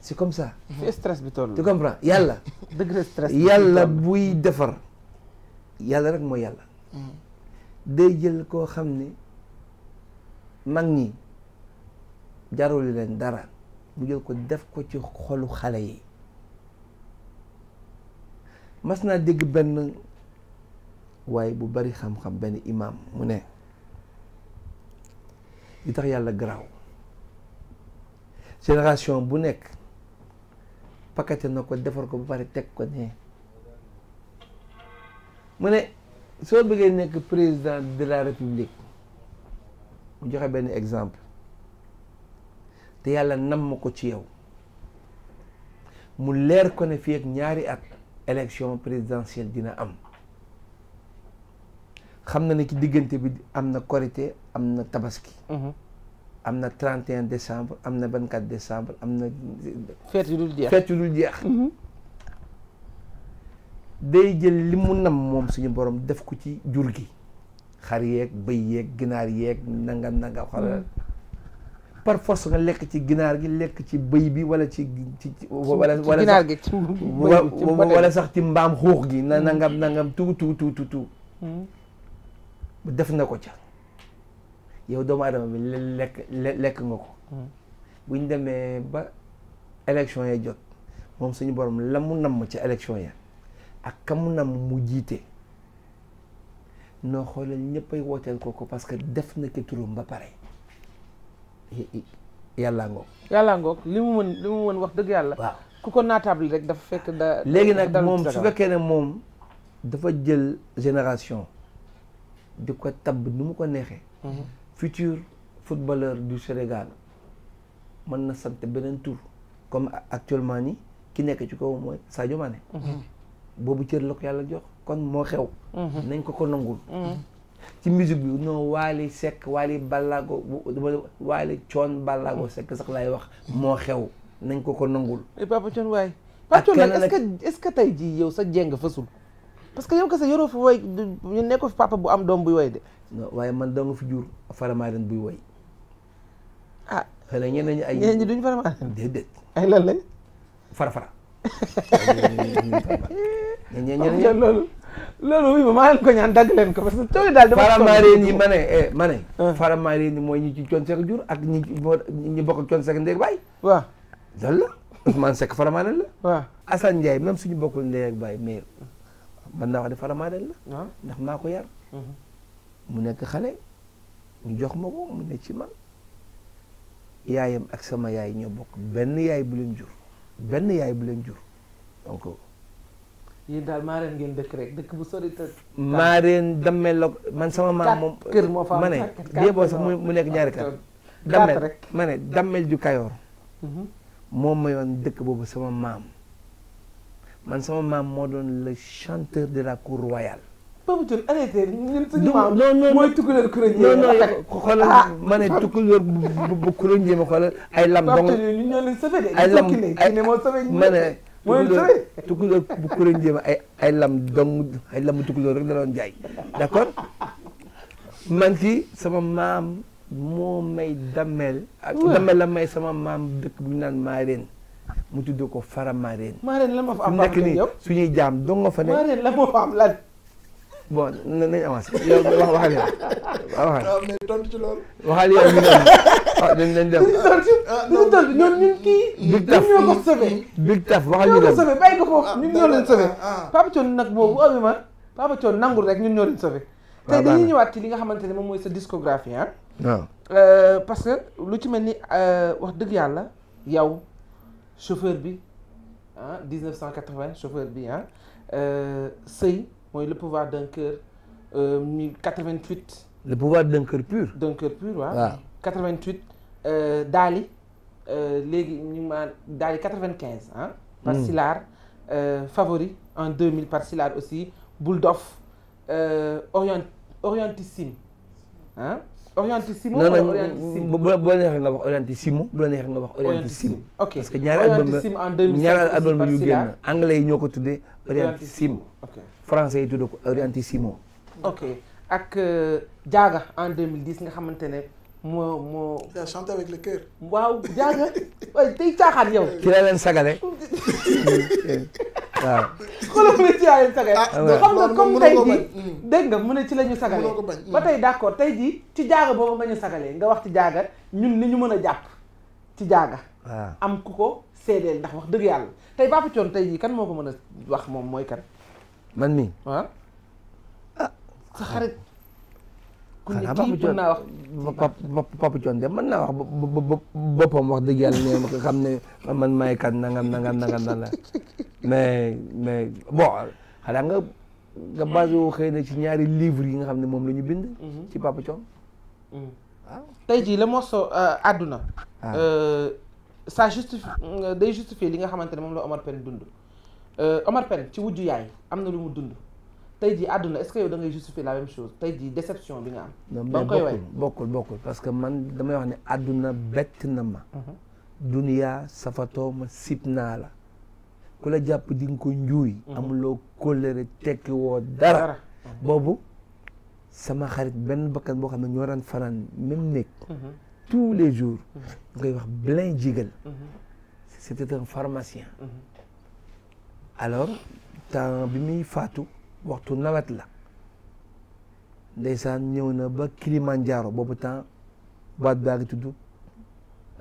c'est comme ça. bi toll. tu comprends yàlla. (laughs) degré yàlla buy defar. yàlla rek mooy yàlla. Mm. day jël koo xam ne mag ñi jarul leen dara mu jël ko def ko ci xolu xale yi mas naa dégg benn waaye bu bari xam-xam benn imam mu ne li tax yàlla garaaw génération bu nekk. pakete na ko defar ko ba pare teg ko nee mu ne soo bëggee nekk président de la république mu joxe benn exemple te yàlla namm ko ci yow mu leer ko ne fii ak ñaari at élection présidentielle dina am xam na ne ci diggante bi am na korité am na tabaski. Mm-hmm. am na 31 décembre am na 24 décembre am na. feet yu dul jeex feet yu dul jeex. Mhm. day jël li mu nam moom suñu boroom def ko ci jur gi. xar yeeg bëy yeeg ginaar yeeg nangam nangam mhm. par force nga lekk ci ginaar gi lekk ci bëy bi wala ci ci wala wala ginaar gi wala sax ci mbaam xuux gi na mhm. nangam nangam tu tu tu tu def na ko ca. yow doomu aadama bi lekk lekk nga ko hmm. bu ñu demee ba élection ya jot moom suñu borom la mu namm ca élection ya ak ka mu mu jiite noo xoolal ñëpp ay ko ko parce que def na ki ba pare yàllaa ngoog yàllaa ngoog li mu mën wax dëgg yàlla waaw ku ko naataable rek dafa fekk da léegi nag moom su fekkee ne dafa jël génération di ko tabb ni mu ko neexee hmm. futur footballeur du Sénégal mën na sant beneen tour comme actuellement ni ki nekk ci kaw mooy Sadio Mané mhm. boobu cër la ko yàlla jox kon moo xew mhm. nañ ko ko nangul mhm. ci musique bi non Waly Seck Waly Ballago Waly Thione Ballago Seck sax laay wax moo xew nañ ko ko nangul Papa Thione waay Papa Thione est yow sa jeng fasul parce que yow kese fi woy ñu fi papa bu am doom buy woy de. non man dong fi jur faramaaren buy woy. ah xëy na ñeneen ñi ay. ñeneen ñi (laughs) ma maa ko ñaan dagg ko parce que coono daal dama. Eh, ah. mooy ñi ci jur ak ñi ñi bokk coon sek ndéeg baay. waaw loolu la Ousmane Seck faramaaren la. waaw Assane mën naa wax ne faramaadel la ah. ndax maa ko yar mhm. mu nekk xale ñu jox ma ko mu ne ci man yaayam ak sama yaay ñoo bokk benn yaay bu leen jur benn yaay bu leen jur donc yéen daal maareen ngeen dëkk rek dëkk bu sori te maareen dammel sama maam moom kër moo fa ma ne dee mu nekk ñaari kat ma ne dammel ju kayoor mhm. moom ma yoon dëkk boobu sama maam man sama maam moo doon le chanteur de la cour royale. Pape Thion arrêté ñun suñu maam. Ah. bu bu bu kuréel ay lam. dong ñun ñoo leen ay lam ay ma bu kuréel njéem ay rek la doon jaay d'accord man ci sama maam moo may damel ak damel la may sama maam dëkk bu ñu naan maa mu tudd ko Faramareen. Mareen la ma fa am nekk nii suñuy jaam dong nga fa ne. Mareen la ma fa am lan. bon nañ avancé yow wax waxal yow. waaw mais tontu ci loolu. waxal yow ñu dem ah dañ dem. ñu tontu ah, ñoom ñun kii. big taf ñun ñoo ko sauvé. big taf waxal ñu dem ñoo ko sauvé bàyyi ko foofu ah, ñun ñoo leen sauvé. Ah, Papa Thion nag boobu oobi oh, ma Papa Thion nangul rek ñun ñoo leen sauvé. tey dañuy ñëwaat ci li nga xamante ne moom mooy sa discographie ah. waaw euh, parce que lu ci mel ni euh, wax dëgg yàlla yow. chauffeur bi ah 1980 chauffeur bi ah euh, sëy mooy le pouvoir d'un cœur euh, mi 88. le pouvoir d'un cœur pur. d'un cœur pur waaw. waaw 88 euh, Daali léegi ñu ngi maa Daali 95 ah. Hmm. par Silar favori en 2000 par Silar aussi Boule d'Off Orient Orientissime ah. orientissimo non non bu la neexee nga wax orientissimo bu la neexee nga wax orientissime. ok parce que ñaari album ñaari album yu génn anglais ñoo ko tuddee orientissime. français yi tuddee ko orientissimo. ok ak Diaga en 2010 nga xamante ne moo moo. yaa chanté tey caaxaan yow. ci la leen sagale. waaw xoolal mu a ci ay sagale ah, ah, xam nga comme tey hmm. dégg nga mu ne ci la ñu sagale ba tey d'accord tey jii ci jaaga boobu nga ñu sagalee nga wax ci jaaga ñun li ñu mën a jàpp ci jaaga ah. am ku ko seedeel ndax wax dëgg yàlla tey Papa coon tey jii kan moo ko mën a wax moom mooy kan man mii waaw ah sa xarit ku ne kii mën naa wax Papa Thione de mën naa wax boppam wax dëgg yàlla ne xam ne man maay kan nangam nangam nangam nangam mais mais bon xanaa nga nga basé wu xëy na ci ñaari livres yi nga xam ne moom la ñu bind. Mhm. ci Papa Thione. waaw mhm. ah. tey jii la morceau àdduna. Euh, ah. euh, ça justifie euh, day justifier li nga xamante ne moom la Omar Pène dund. Omar Pène ci wujju yaay am na lu mu dund. tey jii àdduna da ngay justifier la même chose tey bi nga am. ba koy way bokkul bokkul parce que man damay wax ne aduna bett na ma. Mhm. duniyaa safatoo ma sib naa la. ku la jàpp di ko njuuy. Mhm. amuloo kóllëre tekki woo dara. Mhm. boobu sama xarit benn bakkan boo xam ne ñoo daan fanaan même nekk. tous les jours. ñu koy wax Blin Jigal. c'était un pharmacien. alors temps bi muy faatu. waxtu nawet la ndeysaan ñëw na ba Kilimanjaro boobu temps baat baa ngi tudd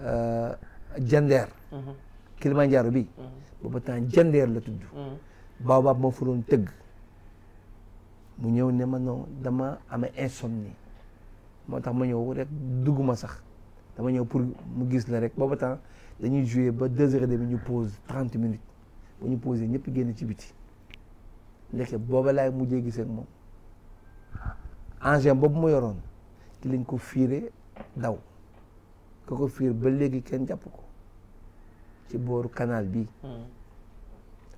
euh, jandeer mhm. Kilimanjaro bi mhm. boobu temps jandeer la tudd mhm. baobab moo fa doon tëgg mu ñëw ne ma non dama amee insomnie moo tax ma ñëw rek dugguma sax dama ñëw pour mu gis la rek boobu temps dañuy jouer ba deux heures et demie ñu pause trente minutes bu ñu posé ñëpp génn ci biti ndeke booba laay mujjee gisee ak moom engin boobu mu yoroon ci lañ ko fiire daw ka ko fiir ba léegi kenn jàpp ko ci booru canal bi hmm.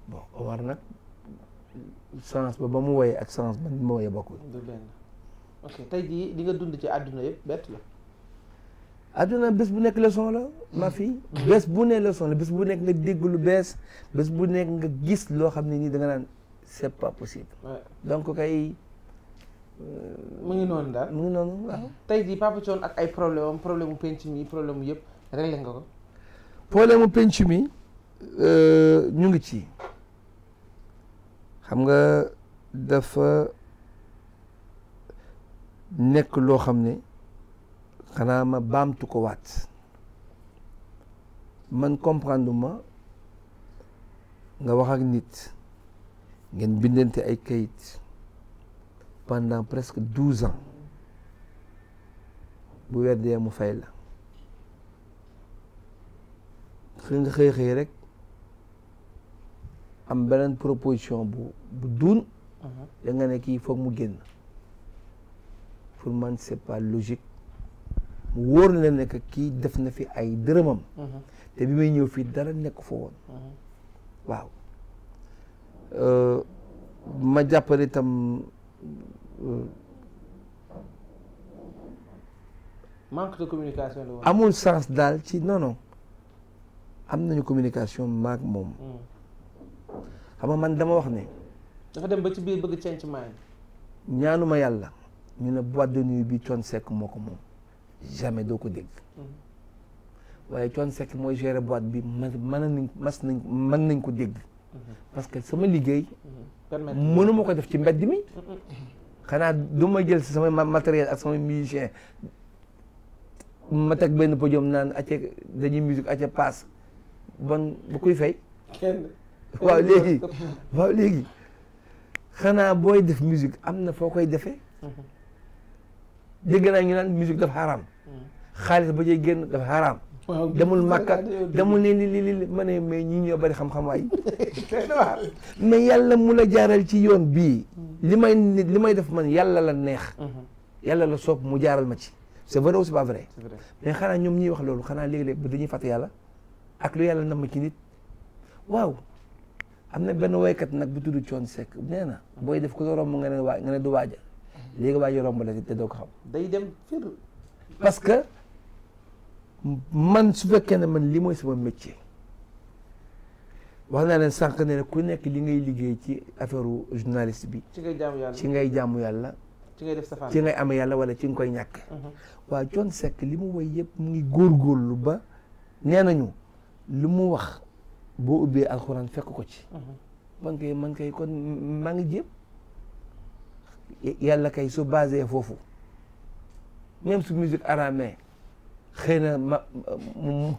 bon war nag sens ba ba mu woyee ak sens ba ma woyee bokkul du bés bu nekk leçon la ma fii hmm. bés bu ne leçon la bés bu nekk nga dégg lu bees bés bu nekk nga gis loo xam ne nii da naan c' est pas donc kay. Euh, mu ngi noonu daal mu tey jii Papa ak ay problème am problème mu penc mi problème yëpp réglé nga mu penc mi euh, ñu ngi ci xam nga dafa nekk loo xam ne xanaa ma baamtu ko waat man comprendre ma nga wax ak nit. ngeen bindante ay kayit pendant presque douze ans bu weer mu fay la xëy nga xëy xëy rek am beneen proposition bu bu duun mhm. ya nga ne kii foog mu génn pour man c'est pas logique mu wóor na ne que kii def na fi ay dërëmam mhm. te bi may ñëw fii dara nekk fa woon mhm. waaw ma jàppale itam. Euh, manque de communication la woon. amul sens daal ci non am nañu communication maag moom. Hmm. xam man dama wax ne. dafa dem ba ci biir bëgg cenc ñaanuma yàlla ñu ne boîte de nuit bi Thione Seck moo ko moom jamais doo ko dégg. Hmm. waaye Thione mooy gérer boîte bi mën mën nañ ko dégg. parce que sama liggéey. mënuma ko def ci mbedd mi. xanaa du ma jël si samay matériel ak samay musicien ma teg benn podium naan acca dañuy musique acca paas bon bu kuy fay. waaw léegi booy def musique am na foo koy defee. Mhm. dégg naa ñu naan musique dafa xaraam. Mhm. xaalis ba cay génn dafa demul màkka demul li li li ma ne mais ñii ñoo bari xam-xam waay (laughs) mais yàlla mu la jaaral ci yoon bii hmm. li may li may def man yàlla la neex hmm. yàlla la soob mu jaaral ma ci c'est vrai ou c'est pas vrai xanaa ñoom ñuy wax loolu xanaa léeg-léeg du dañuy fàtte yàlla ak lu yàlla nam ci nit waaw am na benn woykat nag bu tudd coon sekk nee na booy def ko romb nga ne waa nga ne du waaja hmm. léegi waaja romb la te doo ko xam day man su fekkee ne man li mooy sama métier wax naa leen sànq nee ne ku nekk li ngay liggéey ci affaire journaliste bi. ci ngay jaamu yàlla ci ngay jaamu yàlla. ci ngay def safaan ci yàlla wala ci nga koy ñàkk. Mhm. waaw Thione Seck li mu woy yëpp mu ngi lu ba nee nañu lu mu wax boo ubbee alxuraan fekk ko ci. Mhm. man kay man kay kon maa ngi yàlla kay su basé foofu même su musique aramé xëy na ma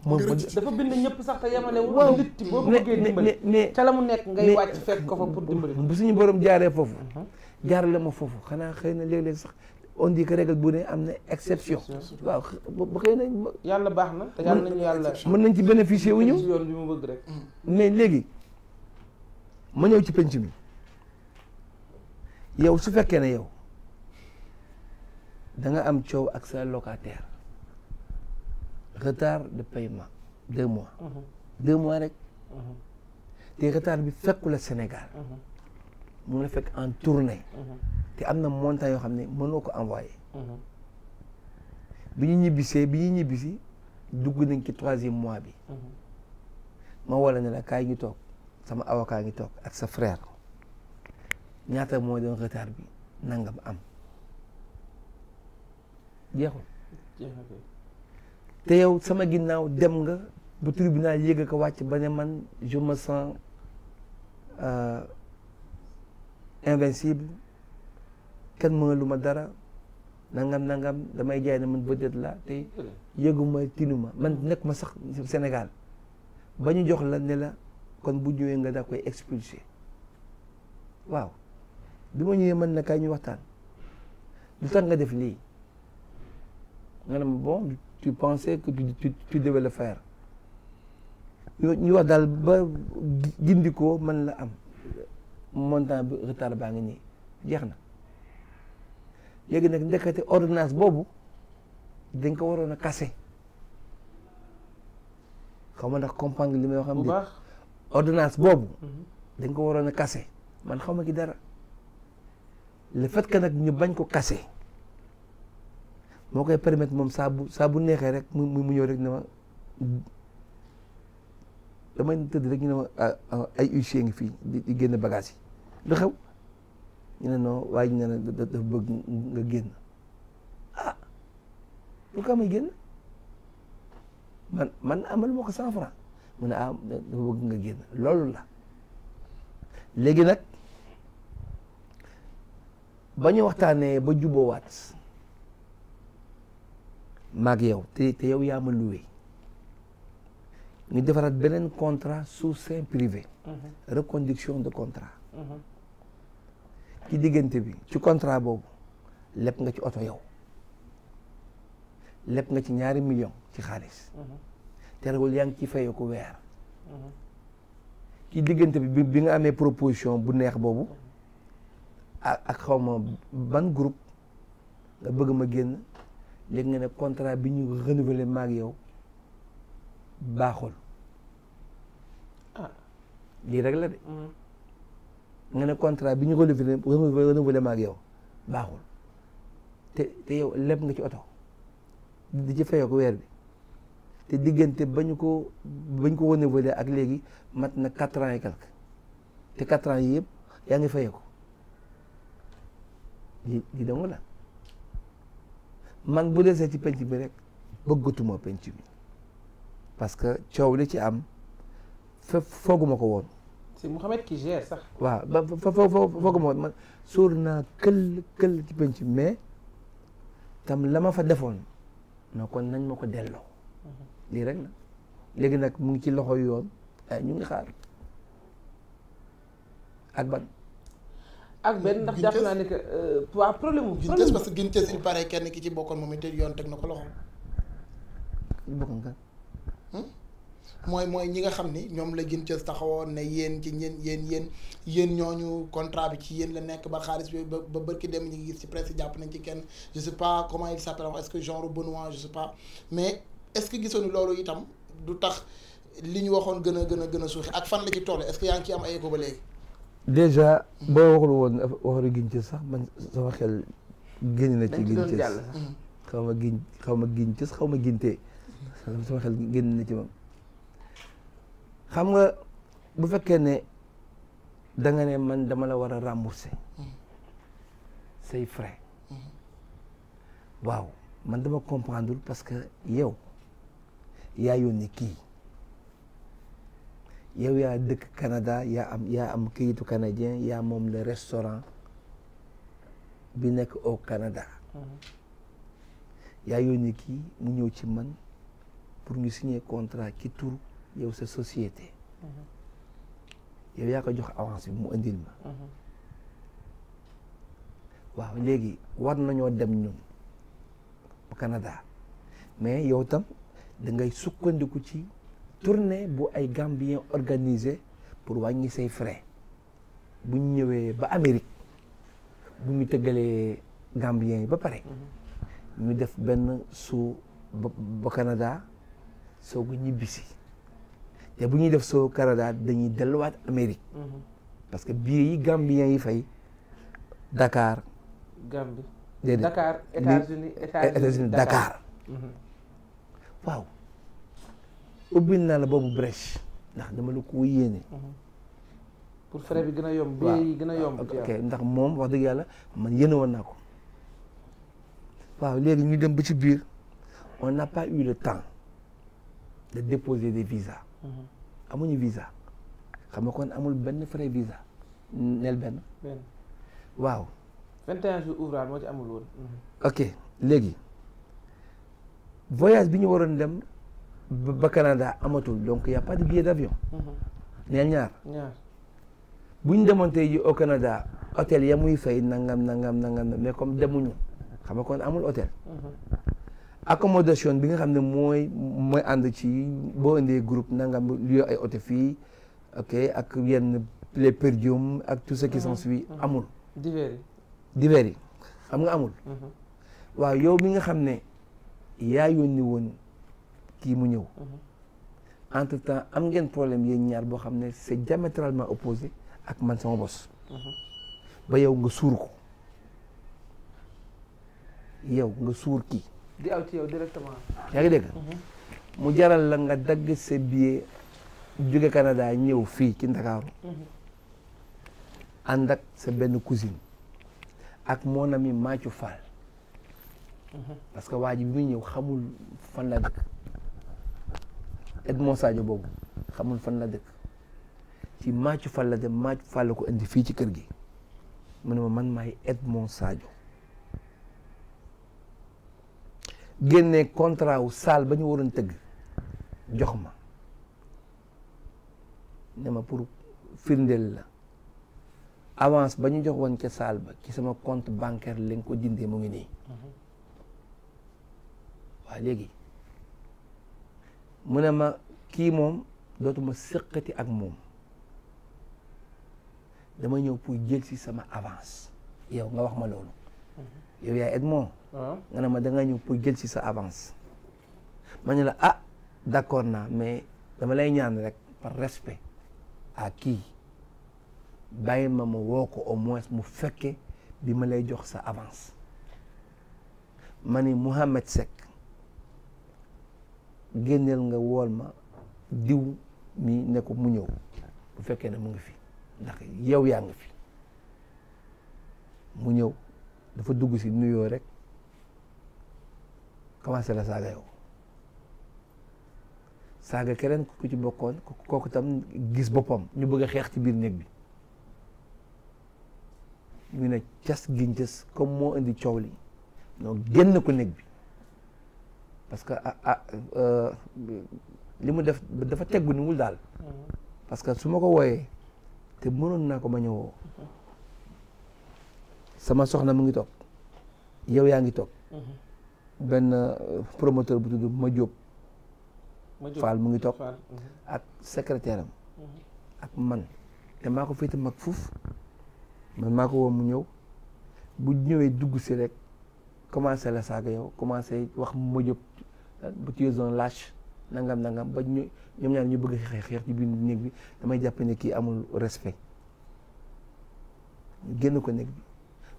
ma dafa bind ñëpp sax te yemalewul. waaw nit boo ko bëggee dimbali mais ca la mu nekk ngay wàcc fekk ko fa pour dimbali. bu suñu borom jaaree foofu. Mhm. jaar la ma foofu xanaa xëy na léeg-léeg sax on bu ne am na exception. waaw ba xëy yàlla baax na te yàlla mën nañ ci bénéficier wu ñu. yoon bi mu bëgg rek. Mm. mais léegi ma ñëw ci penc mi yow su fekkee ne yow da am coow ak sa locataire. retard de paiement deux mois. Mhm. deux mois rek. Mhm. te retard bi fekku la Sénégal. Mhm. mu la fekk en tournée. te am na montant yoo xam ne mënoo ko envoyé. bi ñu ñibbisee bi ñu ñibbisi dugg nañ ci troisième mois bi. ma wala ne la kaay ñu toog sama avocat ngi toog ak sa frère ñaata moo doon retard bi nangam am te yow sama ginnaaw dem nga ba tribunal yéeg ko wàcc ba ne man je me sens euh, invincible kenn mënalu ma dara nangam nangam damay jaay ne man vedette la te yëguma tinuma man nekk ma sax Sénégal ba ñu jox la ne la kon bu ñëwee nga daa koy expulsé waaw bi ma ñëwee man na kaay ñu waxtaan lu tax nga def lii nga ne ma bon tu pensais que tu, tu, tu devais le faire ñu wax daal ba gindikoo man la am montant bi retard baa ngi nii jeex na léegi nag ndekete ordonnance boobu dañ ko waroon a kase xaw ma ndax comprendre li may wax am boobu mhm. dañ ko a kase man xaw ma ki dara le fait que nag ñu bañ ko kase moo koy permettre moom saa bu saa bu neexee rek mu mu mu ñëw rek na ma dama tëdd rek ñu ne ah, ah, ay huissier ngi fii di génn bagage yi lu xew ñu ne non waaye ñu na dafa bëgg nga génn ah pourquoi may génn man man amal moo ko cent mu ne ah nga génn loolu la léegi nag ba ñu waxtaanee ba juboowaat maag yow te te yow yaa ma loué ñu defaraat beneen contrat sous seing privé mhm. reconduction de contrat mhm. ci diggante bi ci contrat boobu lépp nga ci oto yow lépp nga ci ñaari million ci xaalis mhm. terewul yaa ngi ci fayoo ko weer ci diggante bi bi nga amee proposition bu neex boobu ak ak xawma ban groupe nga bëgg ma génn léegi nga ne contrat bi ñu renouveler maag yow baaxul ah lii rek la de. Mm-hmm. nga ne bi ñu renouveler renouveler maag yow baaxul te yow leb nga ci oto di ci fayoo ko weer bi te diggante ba ñu ko ba ñu ko renouveler ak léegi mat na quatre ans et te quatre ans yi yëpp yaa ngi fayee ko man bu desee ci penc bi rek bëggatuma penc bi parce que coow li ci am fépp fooguma ko woon. c'est Mouhamed qui sax. waaw ba fo fooguma woon man sóor naa këll këll ci penc mais tam lama fa defoon non kon nañ ma ko delloo. lii rek na léegi nag mu ngi ci loxo yoon ñu ngi xaar ak ban. ak benn ndax jàpp naa ne que euh, waa problème mu. problème parce que Guinteus il paraît kenn ki ci bokkoon moom it yoon teg na ko hmm? mooy ñi nga xam ni ñoom la Guinteus taxawoon ne yéen ci ñeen yéen yéen yéen ñooñu contrat bi ci yéen la nekk ba xaalis bi ba ba bërki dem ñu ngi gis ci presse jàpp nañ ci kenn pas comment il s'appelle que genre Benoît je sais pas mais est-ce gisoon loolu itam du tax li ñu waxoon gën a gën a gën a suuxi ak fan la ci toll est-ce yaa ngi ciy am ay écho ba léegi. déjà boo waxul woon waxu ginc sax man sama xel génn na ci ginc mm-hmm. xaw ma gin xaw ma ginc xaw ma gintee mm-hmm. sama xel génn na ci moom xam nga bu fekkee ne da nga ne man dama la war a rembourser mm-hmm. say frais waaw man dama comprendre parce que yow yaa yónni kii yow yaa dëkk Canada yaa am yaa am këyitu canadien yaa moom la restaurant bi nekk au Canada mm-hmm. yaa yónni kii mu ñëw ci man pour ñu signer contrat ci tur yow sa societé mm-hmm. yow yaa ko jox avance bi mu indil ma mm-hmm. waaw léegi war nañoo dem ñun Canada mais yow tam da ngay sukkandiku ci tournée bu ay Gambien organisé pour wàññi say frais bu ñëwee ba Amérique bu ñu tëggalee Gambien yi ba pare. ñu def benn suu ba Canada soo ko ñibbisi te bu ñuy def soo Canada dañuy delluwaat Amérique. parce que billets yi Gambien yi fay dakaar Gambie Dakar États-Unis états mhm. waaw ubbil naa la boobu brèche ndax dama la ko yéene. Mhm. pour frais bi gën a yomb. waaw yi gën a yomb. ok ndax moom wax dëgg yàlla man yéene woon naa ko. waaw léegi ñu dem ba ci biir on n'a pas eu le temps de déposer des visas. Mhm. amuñu visa xam nga kon amul benn frais visa. nel benn. waaw. 21 jours ouvrables moo ci amul woon. Mhm. ok léegi voyage bi ñu waroon dem. ba Canada amatul donc y' a pas de billet d' avion. neel mhm. bu ñu demoon tey ji au Canada hôtel ya muy fay nangam nangam nangam mais comme demuñu xam nga kon amul hôtel. Mhm. accommodation bi nga xam ne mooy mooy ànd ci boo indee groupe nangam lieu ay hôtel fii ok ak yenn les perdium ak tout ce qui mhm. s'ensuit amul. divers yi. amul. waaw yow mi nga xam ne yaa yónni kii mu ñëw mhm. entre temps am ngeen problème yéen ñaar boo xam ne c'est diamétralement opposé ak man sama bos mhm. ba yow nga suur ko yow nga suur kii di aw ci yow directement yaa mhm. mu jaral la nga dagg sa fii ci Ndakaaru ànd ak sa benn cousine ak mon ami Mathieu Fall ñëw xamul fan la dëkk Edmond Sadio boobu xamul fan la dëkk ci Maacu Fall la dem Maacu fàll la ko indi fii ci kër gi mu ne ma man maay Edmond Sadio génne contrat wu saal ba ñu waroon tëgg jox ma ne ma pour firndeel la avance ba ñu jox woon ca saal ba ci sama compte banquer lañ ko dindee mu ngi nii mhm. waaw léegi mu ne ma kii moom dootuma sëqati ak moom dama ñëw pour jël si sama avance yow nga wax ma loolu mhm. yow yaay Edmond ah. nga ne ma da nga ñëw pour jël si sa avance ma ne la ah d'accord naa mais dama lay ñaan rek par respect a kii bàyyi ma ma woo ko au moins mu fekke bi ma lay jox sa avance ma ni Mouhamed Seck génneel nga wool ma diw mi nekku mu ñëw bu fekkee ne mu ngi fi ndax yow yaa ngi fi mu ñëw dafa dugg si nuyoo rek commencé la saaga yow saaga keneen ku ci bokkoon kooku tam gis boppam ñu bëgg a xeex ci biir néeg bi ñu ne cas gincës comme moo indi coow li ñoo génn ko néeg bi parce que ah, ah euh, li mu def dafa teggu ni wul daal. Mm-hmm. parce que su ma ko wooyee te mënoon naa ko ma ñëwoo. Mm-hmm. sama soxna mu ngi toog yow yaa ngi toog. Mm-hmm. benn euh, promoteur bu tudd ma Diop. Fall mu ngi toog ak secrétaire am. ak man te maa ko féete mag fuuf man maa ko woo mu ñëw bu ñëwee dugg si rek commencé la saaga yow commencé wax ma Diop bu tu es un nangam nangam ba ñu ñoom ñaar ñu bëgg xeex xeex ci biir néeg bi damay jàpp ne kii amul respect génn ko néeg bi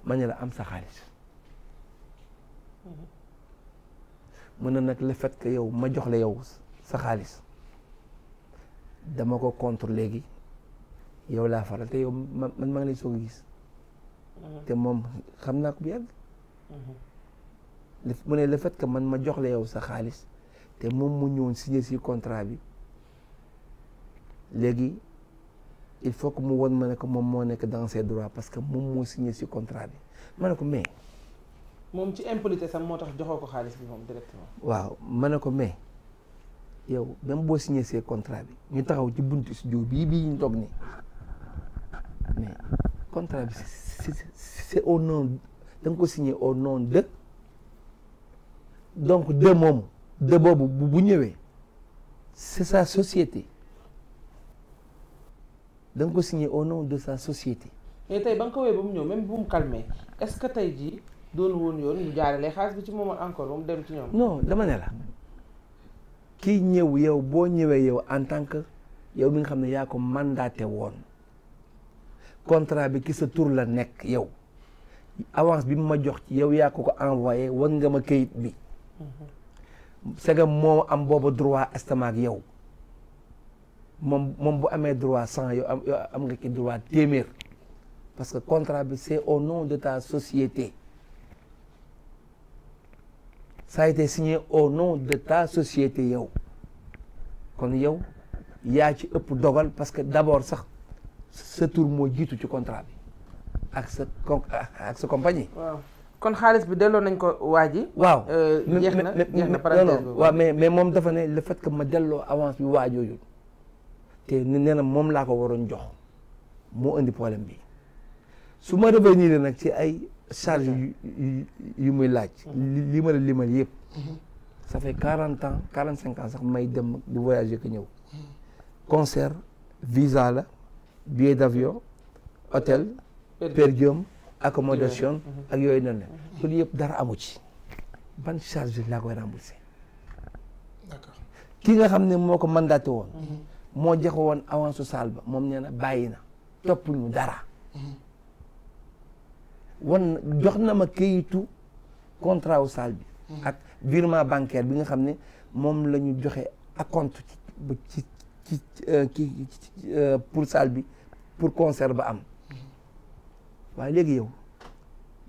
ma ne la am sa xaalis mën na nag le fait que yow ma jox la yow sa xaalis dama ko contre léegi yow laa faral te yow man maa ngi lay soog gis mm-hmm. te moom xam naa ko bu yàgg mm-hmm. mu ne la fait que man ma jox la yow sa xaalis te moom mu ñëwoon signé si contrat bi léegi il faut que mu won ma ne ko moom moo nekk dans ses parce que moom moo signé si contrat bi ma ne ko mais. moom ci impolité sam moo tax joxoo ko xaalis bi moom directement. waaw ma ne ko mais yow même boo signé see contrat bi ñu taxaw ci buntu studio bii bii ñu toog nii mais contrat bi c'est au nom da nga ko siñe au nom de. donc de moom de boobu bu ñëwee c'est sa société da ko signé au nom de sa société. mais tey ba nga ko wooyee ba mu ñëw même bu mu calmé ce que tey jii doonu woon yoon ñu jaarale xaalis bi ci moom encore ba mu dem ci ñoom. non dama ne la kii ñëw yow boo ñëwee yow en tant que yow mi nga xam ne yaa ko mandaté woon contrat bi ki sa tur la nekk yow avance bi mu ma jox ci yow yaa ko ko envoyé wan nga ma kayit bi. segam moo am boobu droit estomac ak yow moom moom bu amee droit cent yow am yow am nga ki droit téeméer parce que contrat bi c'est au nom de ta société ça a été signé au nom de ta société yow kon yow yaa ci ëpp dogal parce que d'abord sax sa tur moo jiitu ci contrat bi ak sa ak kon xaalis bi delloo nañ ko waa ji. waaw euh, jeex na jeex na parenthèse bi waaw mais moom dafa ne le fait que ma delloo avance bi waa jooju te nee na moom laa ko waroon jox moo indi problème bi su ma revenir nag ci ay charge yu muy laaj. li ma la limal yëpp. ça fait quarante ans quarante cinq ans sax may dem di voyager ko ñëw. concert visa la billet d' avion per diem accommodation ak yooyu noonu la loolu yëpp dara amu ci ban charge laa koy remboursé ki nga xam ne moo ko mandaté woon mhm. moo joxe woon avance su ba moom nee na bàyyi na topp ñu dara mhm. wan jox na ma këyitu contra wu saal bi mhm. ak bancaire bi nga xam ne moom la ñu joxe ak compte ci ci ci euh, euh, pour saal bi pour concert ba am waaye léegi yow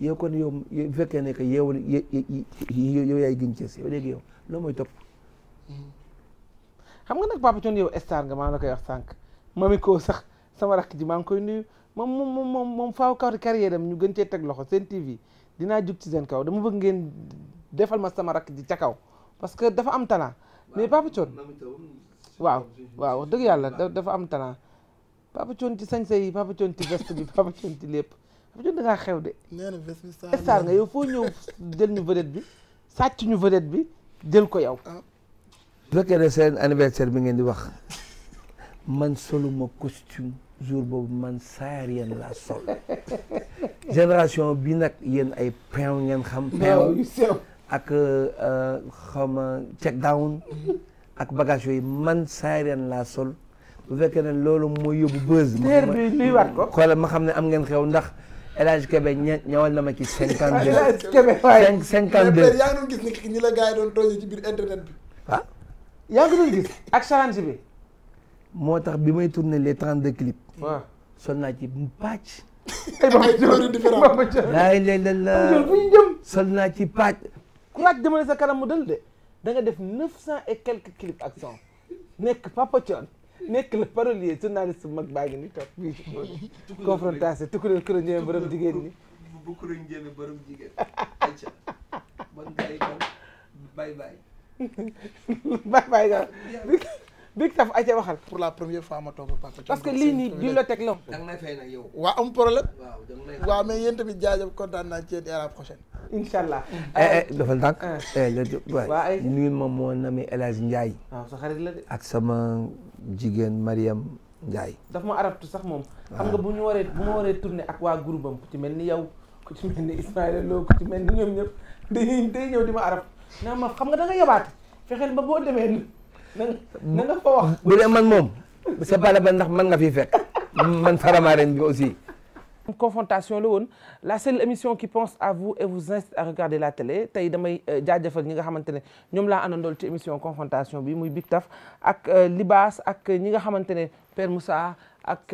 yow kon yow bu fekkee ne que yow yow yaay giñ Cees yow léegi loo mooy topp. xam nga nag Papa Thione yow star nga maa la koy wax sànq mami ko sax sama rakk ji maa ngi koy nuyu moom moom moom moom faaw kaw carrière am ñu gën cee teg loxo seen TV dinaa jub ci seen kaw dama bëgg ngeen defal ma sama rakk ji ca kaw parce que dafa am talent mais Papa Thione waaw waaw wax dëgg yàlla dafa am talent Papa Thione ci sañse yi Papa Thione ci veste bi (laughs) Papa Thione ci lépp bu jot da ngaa xew de. nee na bés bi star nga yow foo ñëw jël ñu vedette bi sàcc ñu vedette bi jël ko yow. Ah. bu fekkee ne seen anniversaire bi ngeen di wax man soluma costume jour boobu man saarien laa sol génération bi nag yéen ay peew ngeen xam. peew ak euh, euh, xaw ma ak bagage yooyu man saarien laa sol bu fekkee ne loolu mooy yóbbu buzz. ma xam ne am ngeen xew ndax. El Hadj Kébé ñëwal na ma ci cinquante deux. El Hadj Kébé waay cinquante deux yaa ngi doon gis ni ñi la gars yi doon tooñee ci biir internet bi. ah yaa ngi doon gis ak challenge bi. moo tax bi may tourner les trente deux clips. waaw sol naa ci pàcc. ay ba ma jëm ba ma jëm. laay lay la la bu ñu jëm. sol naa ci pàcc. ku laaj demale sa kanam mu dal de da nga def neuf cent et quelques clips ak cent nekk Papa Thione. nekk la parolier journaliste mag baa ngi ni toog fii confrontation tukuleel kuréel borom jigéen ñi bu kuréel njéeme (laughs) Big Taf ay ca waxal. pour la première fois ma toog papa. parce que lii nii bibliothèque la. da nga may fay nag yow. waaw am problème. waaw da nga tamit jaajëf kontaan la eh, eh, ah. eh, ah, sa xarit la de. ak sama jigéen Mariam Ndiaye. daf ma arabtu sax moom. xam nga bu ñu waree bu ma waree tourné ak waa groupe ku ci mel ni yow ku ci mel ni Ismaïla Lo ku ci mel ni ñoom ñëpp dañuy day ñëw di ma arab naa ma xam nga da nga fexeel ba boo demee na dee man moom. c'est pas la ndax man nga fi fekk. man faramaaren bi aussi. Une confrontation la woon la seule émission qui pense à vous et vous incite regarder la télé tey damay euh, jaajëfal ñi nga xamante ne ñoom laa àndandool ci émission confrontation bi muy Big Taf ak euh, Libaas ak ñi nga xamante ne Père euh, ak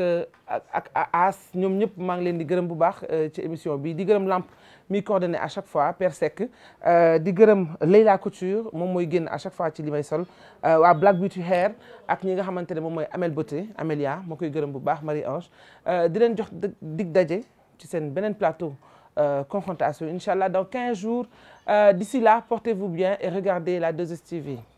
ak ak ñoom ñëpp maa ngi leen di gërëm bu baax ci émission bi di gërëm Lamp mi coordonné à chaque fois Père Seck euh, di gërëm Leila Couture moom mooy génn à chaque fois ci li may sol euh, wa Black Beauty Hair ak ñi nga xamante ne moom mooy Amel Beauté Amelia moo koy gërëm bu baax Marie Ange euh, di leen jox dig daje ci seen beneen plateau confrontation incha allah dans 15 jours d'ici la portez-vous bien et regardez la 2STV